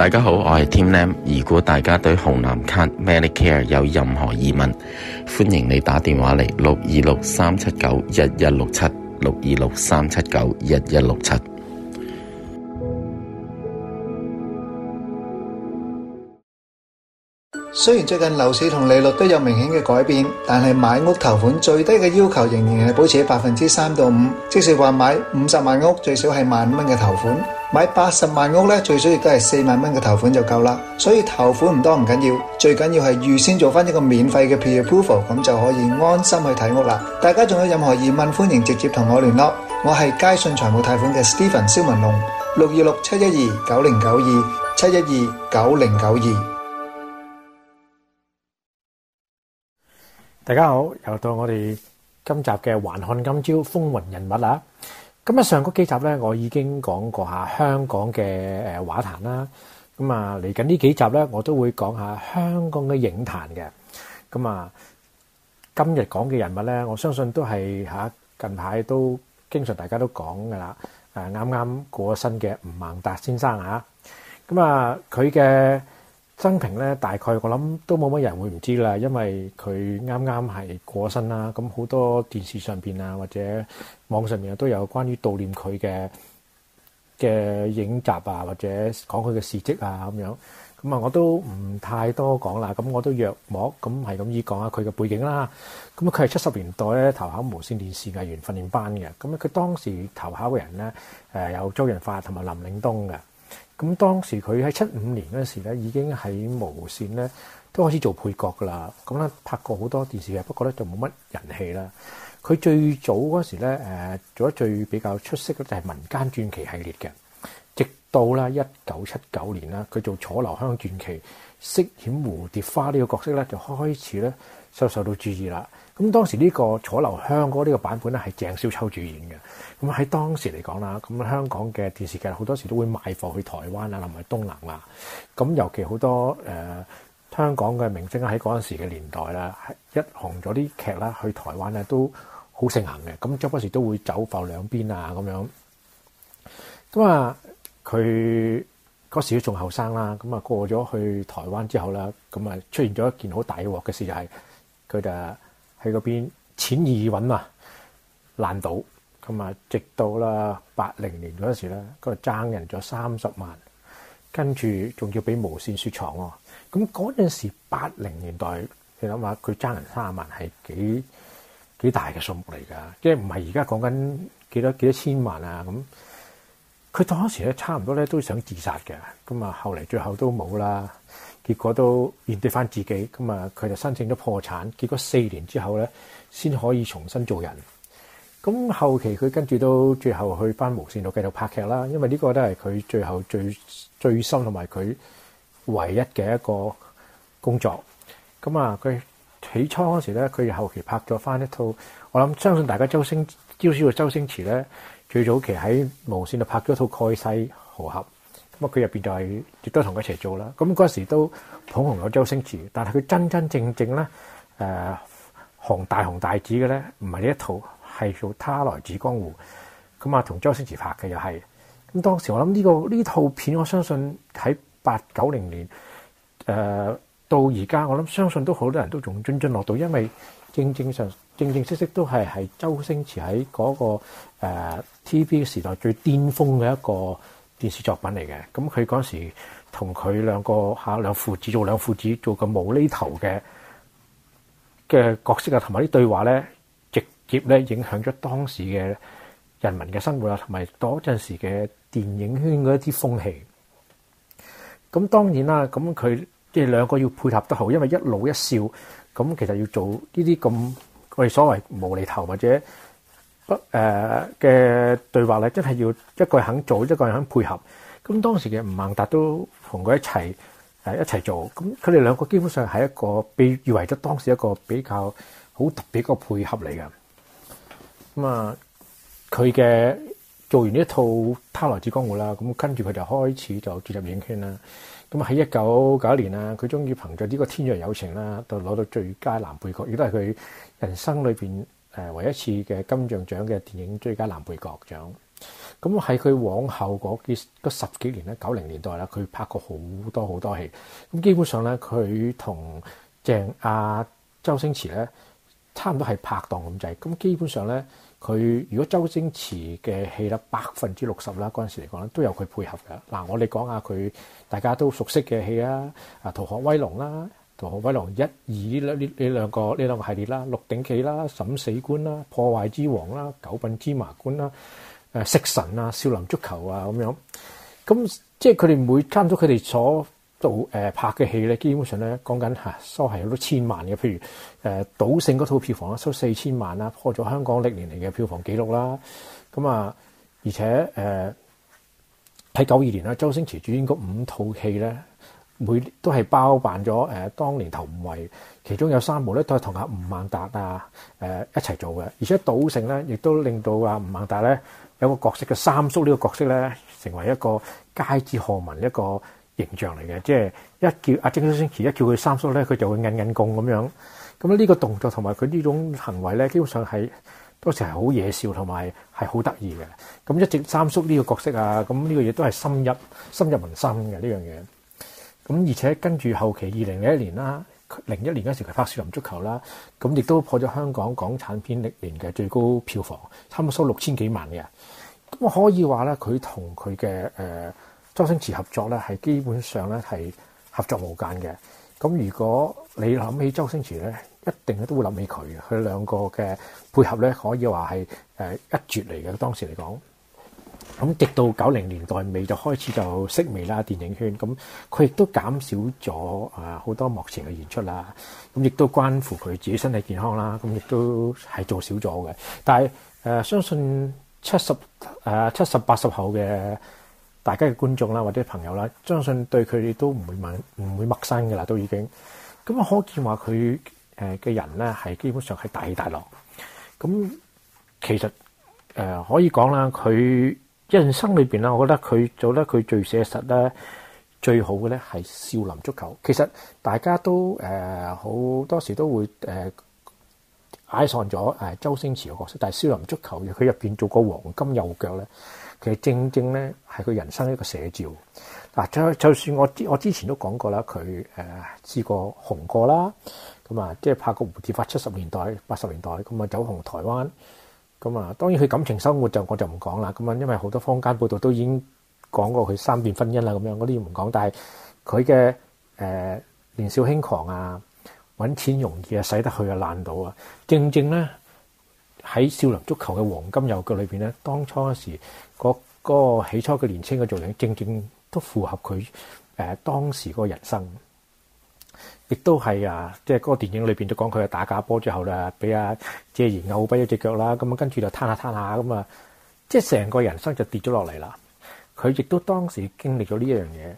E: 大家好，我係 Tim Lam。如果大家對紅藍卡 Medicare 有任何疑問，歡迎你打電話嚟，六二六三七九一一六七六二六三七九一一六七。
G: 雖然最近樓市同利率都有明顯嘅改變，但係買屋頭款最低嘅要求仍然係保持喺百分之三到五，即是話買五十萬屋最少係萬五蚊嘅頭款。買八十萬屋咧，最少亦都係四萬蚊嘅頭款就夠啦，所以頭款唔多唔緊要，最緊要係預先做翻一個免費嘅 pre approval，咁就可以安心去睇屋啦。大家仲有任何疑問，歡迎直接同我聯絡。我係佳信財務貸款嘅 Steven 肖文龍，六二六七一二九零九二七一二九零九二。
A: 大家好，又到我哋今集嘅還看今朝風雲人物啦。咁啊，上個幾集咧，我已經講過下香港嘅誒畫壇啦。咁啊，嚟緊呢幾集咧，我都會講下香港嘅影壇嘅。咁啊，今日講嘅人物咧，我相信都係嚇近排都經常大家都講㗎啦。誒，啱啱過身嘅吳孟達先生啊。咁啊，佢嘅，生平咧，大概我諗都冇乜人會唔知啦，因為佢啱啱係過身啦。咁好多電視上邊啊，或者網上面都有關於悼念佢嘅嘅影集啊，或者講佢嘅事跡啊咁樣。咁啊，我都唔太多講啦。咁我都約莫咁係咁易講下，佢嘅背景啦。咁佢係七十年代咧投考無線電視藝員訓練班嘅。咁佢當時投考嘅人咧，誒有周潤發同埋林嶺東嘅。咁當時佢喺七五年嗰時咧，已經喺無線咧都開始做配角噶啦。咁咧拍過好多電視劇，不過咧就冇乜人氣啦。佢最早嗰時咧，誒做得最比較出色嘅就係民間傳奇系列嘅。直到啦一九七九年啦，佢做《楚留香傳奇》飾演蝴蝶花呢個角色咧，就開始咧受受到注意啦。咁當時呢個《楚留香》嗰個呢個版本咧係鄭少秋主演嘅。咁喺當時嚟講啦，咁香港嘅電視劇好多時都會賣貨去台灣啦，同埋東南亞。咁尤其好多、呃、香港嘅明星喺嗰陣時嘅年代啦，一紅咗啲劇啦，去台灣咧都好盛行嘅。咁周不時都會走埠兩邊啊，咁樣。咁啊，佢嗰時仲後生啦，咁啊過咗去台灣之後啦，咁啊出現咗一件好大鑊嘅事就係佢就。喺嗰邊錢易揾啊，難倒咁啊！直到啦八零年嗰時咧，佢爭人咗三十萬，跟住仲要俾無線雪藏喎。咁嗰陣時八零年代，你諗下佢爭人三十萬係幾幾大嘅數目嚟㗎？即係唔係而家講緊幾多幾多千萬啊？咁佢當時咧差唔多咧都想自殺嘅，咁啊後嚟最後都冇啦。結果都面對翻自己，咁啊佢就申請咗破產。結果四年之後咧，先可以重新做人。咁後期佢跟住都最後去翻無線度繼續拍劇啦。因為呢個都係佢最後最最深同埋佢唯一嘅一個工作。咁啊，佢起初嗰時咧，佢又後期拍咗翻一套。我諗相信大家周星招少嘅周星馳咧，最早期喺無線度拍咗套西合合《蓋世豪俠》。咁佢入邊就係亦都同佢一齊做啦。咁嗰時都捧紅咗周星馳。但係佢真真正正咧，誒、呃、紅大紅大紫嘅咧，唔係呢一套，係做《他來自江湖》。咁啊，同周星馳拍嘅又係。咁當時我諗呢、呢個呢套片，我相信喺八九零年誒、呃、到而家，我諗相信都好多人都仲津津樂道，因為正正常正正式式都係係周星馳喺嗰、嗰個、呃、TV 嘅時代最巔峰嘅一個。電視作品嚟嘅，咁佢嗰時同佢兩個嚇兩父子做兩父子做個無厘頭嘅嘅角色啊，同埋啲對話咧，直接咧影響咗當時嘅人民嘅生活啊，同埋嗰陣時嘅電影圈嗰一啲風氣。咁當然啦，咁佢即係兩個要配合得好，因為一老一少，咁其實要做呢啲咁我哋所謂無厘頭或者。誒嘅對話咧，真係要一個人肯做，一個人肯配合。咁當時嘅吳孟達都同佢一齊一齊做。咁佢哋兩個基本上係一個被譽為咗當時一個比較好特別嘅配合嚟嘅。咁啊，佢嘅做完呢一套《他來自江湖》啦，咁跟住佢就開始就進入影圈啦。咁喺一九九一年啊，佢終於憑着呢個《天若有情》啦，就攞到最佳男配角，亦都係佢人生裏面。誒，唯一次嘅金像獎嘅電影最佳男配角獎。咁喺佢往後嗰幾嗰十幾年咧，九零年代啦，佢拍過好多好多戲。咁基本上咧，佢同鄭亞、周星馳咧，差唔多係拍檔咁滯。咁基本上咧，佢如果周星馳嘅戲啦，百分之六十啦，嗰陣時嚟講咧，都有佢配合嘅。嗱，我哋講下佢大家都熟悉嘅戲啦，啊，《逃學威龍》啦。同威龍、一、二呢呢呢兩個呢兩個系列啦，鹿鼎記啦、審死官啦、破壞之王啦、九品芝麻官啦、誒、呃、食神啊、少林足球啊咁樣，咁即係佢哋每間都佢哋所做誒、呃、拍嘅戲咧，基本上咧講緊嚇收係好多千萬嘅，譬如誒賭聖嗰套票房啊收四千萬啦，破咗香港歷年嚟嘅票房記錄啦，咁啊而且誒喺九二年啦，周星馳主演嗰五套戲咧。每都係包辦咗誒、呃，當年頭五位，其中有三部咧都係同阿吳孟達啊誒、呃、一齊做嘅，而且賭聖咧亦都令到阿吳孟達咧有個角色嘅三叔呢個角色咧，成為一個街知巷聞一個形象嚟嘅，即係一叫阿甄星丹一叫佢三叔咧，佢就會揞揞公咁樣。咁呢個動作同埋佢呢種行為咧，基本上係當時係好惹笑同埋係好得意嘅。咁一直三叔呢個角色啊，咁呢個嘢都係深入深入民心嘅呢樣嘢。這個咁而且跟住後期二零零一年啦，零一年嗰陣佢拍《少林足球》啦，咁亦都破咗香港港產片歷年嘅最高票房，差唔多收六千幾萬嘅。咁可以話咧，佢同佢嘅誒周星馳合作咧，係基本上咧係合作無間嘅。咁如果你諗起周星馳咧，一定都會諗起佢，佢兩個嘅配合咧，可以話係誒一絕嚟嘅當時嚟講。咁直到九零年代尾就開始就熄微啦，電影圈，咁佢亦都減少咗啊好多幕前嘅演出啦，咁亦都關乎佢自己身體健康啦，咁亦都係做少咗嘅。但係、呃、相信七十誒七十八十後嘅大家嘅觀眾啦，或者朋友啦，相信對佢哋都唔會問唔會陌生嘅啦，都已經咁啊，可見話佢嘅人咧係基本上係大起大落。咁其實、呃、可以講啦，佢。人生裏邊咧，我覺得佢做得佢最寫實咧、最好嘅咧，係少林足球。其實大家都誒好、呃、多時候都會誒矮、呃、上咗誒周星馳嘅角色，但係少林足球佢入邊做過黃金右腳咧，其實正正咧係佢人生一個寫照。嗱，就就算我之我之前都講過啦，佢誒試過紅、嗯、紅過啦，咁啊即係拍過胡鐵花七十年代、八十年代咁啊走紅台灣。咁啊，當然佢感情生活就我就唔講啦。咁啊，因為好多坊間報道都已經講過佢三段婚姻啦，咁樣嗰啲唔講。但係佢嘅誒年少輕狂啊，揾錢容易啊，使得佢啊爛到啊，正正咧喺少林足球嘅黃金右腳裏面咧，當初時嗰嗰、那個那個、起初嘅年輕嘅造型，正正都符合佢誒、呃、當時嗰人生。亦都係啊，即係嗰個電影裏面都講佢係打假波之後啦，俾阿、啊、謝賢拗跛咗隻腳啦，咁啊跟住就攤下攤下咁啊，即係成個人生就跌咗落嚟啦。佢亦都當時經歷咗呢樣嘢，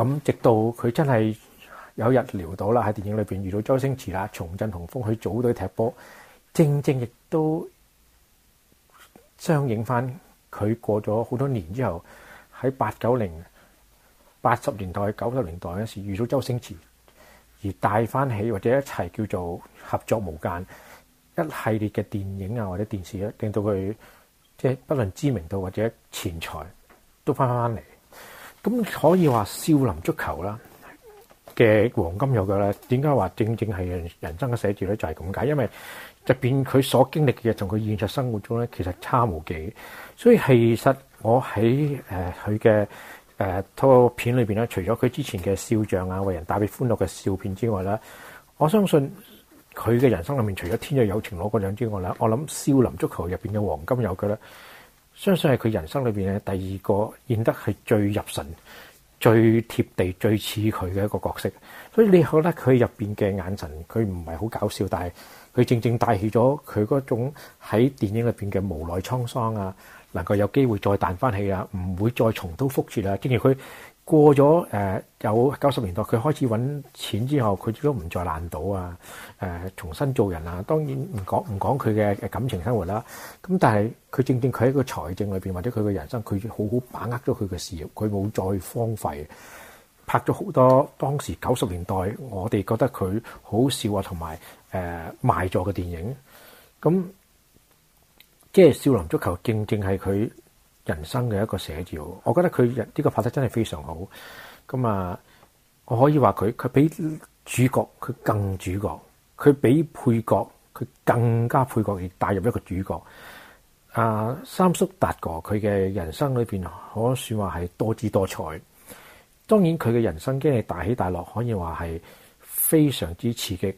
A: 咁直到佢真係有日聊到啦，喺電影裏面遇到周星馳啦，重振雄風去組隊踢波，正正亦都相應翻佢過咗好多年之後，喺八九零、八十年代、九十年代嗰時遇到周星馳。而帶翻起或者一齊叫做合作無間一系列嘅電影啊，或者電視啊，令到佢即係不論知名度或者錢財都翻翻嚟。咁可以話少林足球啦嘅黃金有腳咧，點解話正正係人生嘅寫照咧？就係咁解，因為入邊佢所經歷嘅嘢同佢現實生活中咧，其實差無幾。所以其實我喺誒佢嘅。誒、啊、套片裏邊咧，除咗佢之前嘅笑匠啊，為人帶嚟歡樂嘅笑片之外咧，我相信佢嘅人生裏面，除咗《天若有情》攞過獎之外咧，我諗《少林足球》入邊嘅黃金有佢咧，相信係佢人生裏邊嘅第二個演得係最入神、最貼地、最似佢嘅一個角色。所以你覺得佢入邊嘅眼神，佢唔係好搞笑，但係佢正正帶起咗佢嗰種喺電影裏邊嘅無奈滄桑啊。能夠有機會再彈翻起啊！唔會再重蹈覆轍啦。既然佢過咗誒、呃、有九十年代，佢開始揾錢之後，佢都唔再爛賭啊！誒、呃，重新做人啊！當然唔講唔講佢嘅感情生活啦。咁但係佢正正佢喺個財政裏邊，或者佢嘅人生，佢好好把握咗佢嘅事業，佢冇再荒廢，拍咗好多當時九十年代我哋覺得佢好笑啊，同埋誒賣座嘅電影咁。即係少林足球，正正係佢人生嘅一個寫照。我覺得佢呢個拍得真係非常好。咁啊，我可以話佢佢比主角佢更主角，佢比配角佢更加配角，亦帶入一個主角。阿三叔達哥佢嘅人生裏邊可算話係多姿多彩。當然佢嘅人生經歷大起大落，可以話係非常之刺激。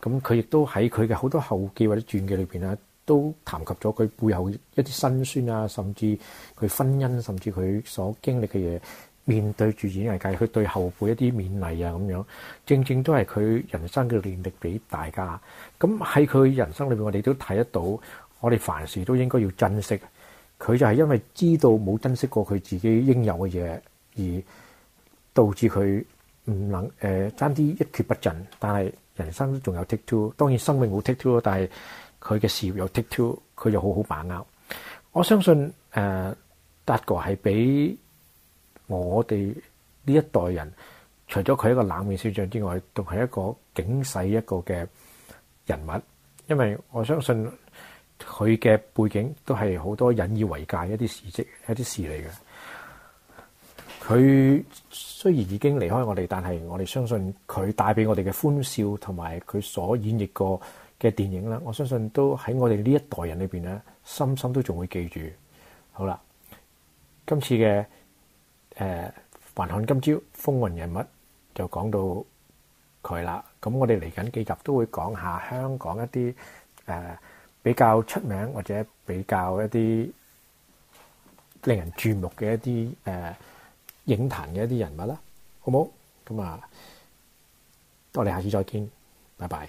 A: 咁佢亦都喺佢嘅好多後記或者傳記裏邊啊。都談及咗佢背後一啲辛酸啊，甚至佢婚姻，甚至佢所經歷嘅嘢，面對住演藝界，佢對後輩一啲勉勵啊，咁樣正正都係佢人生嘅練歷俾大家。咁喺佢人生裏邊，我哋都睇得到，我哋凡事都應該要珍惜。佢就係因為知道冇珍惜過佢自己應有嘅嘢，而導致佢唔能誒爭啲一蹶不振。但係人生都仲有 take two，當然生命冇 take two，但係。佢嘅事業有 take two，佢又好好把握。我相信誒、呃、達哥係俾我哋呢一代人，除咗佢一個冷面笑匠之外，仲係一個警世一個嘅人物。因為我相信佢嘅背景都係好多引以為戒一啲事蹟一啲事嚟嘅。佢雖然已經離開我哋，但係我哋相信佢帶俾我哋嘅歡笑同埋佢所演繹過。嘅電影啦，我相信都喺我哋呢一代人裏邊咧，深深都仲會記住。好啦，今次嘅誒《環看今朝風雲人物》就講到佢啦。咁我哋嚟緊幾集都會講下香港一啲誒比較出名或者比較一啲令人注目嘅一啲誒影壇嘅一啲人
G: 物啦，好冇？咁啊，我哋下次再見，拜拜。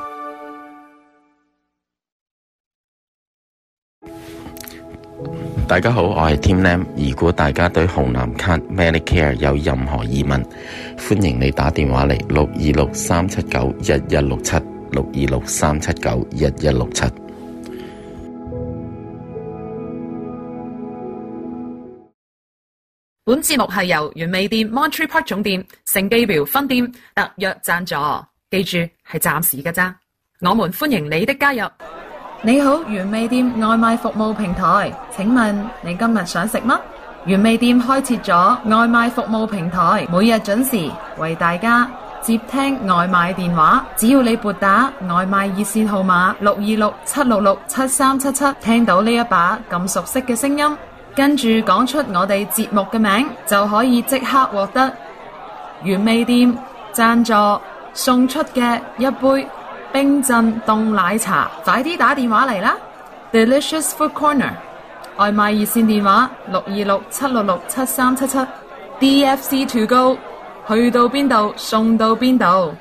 E: 大家好，我係 Tim Lam。如果大家對紅藍卡 Medicare 有任何疑問，歡迎你打電話嚟，六二六三七九一一六七六二六三七九一一六七。
F: 本節目係由完美店 Monterey Park 總店、盛記錶分店特約贊助，記住係暫時噶咋，我們歡迎你的加入。你好，原味店外賣服務平台，請問你今日想食乜？原味店開設咗外賣服務平台，每日準時為大家接聽外賣電話。只要你撥打外賣熱線號碼六二六七六六七三七七，聽到呢一把咁熟悉嘅聲音，跟住講出我哋節目嘅名，就可以即刻獲得原味店贊助送出嘅一杯。冰鎮凍奶茶，快啲打電話嚟啦！Delicious Food Corner 外賣熱線電話六二六七六六七三七七，DFC to go，去到邊度送到邊度。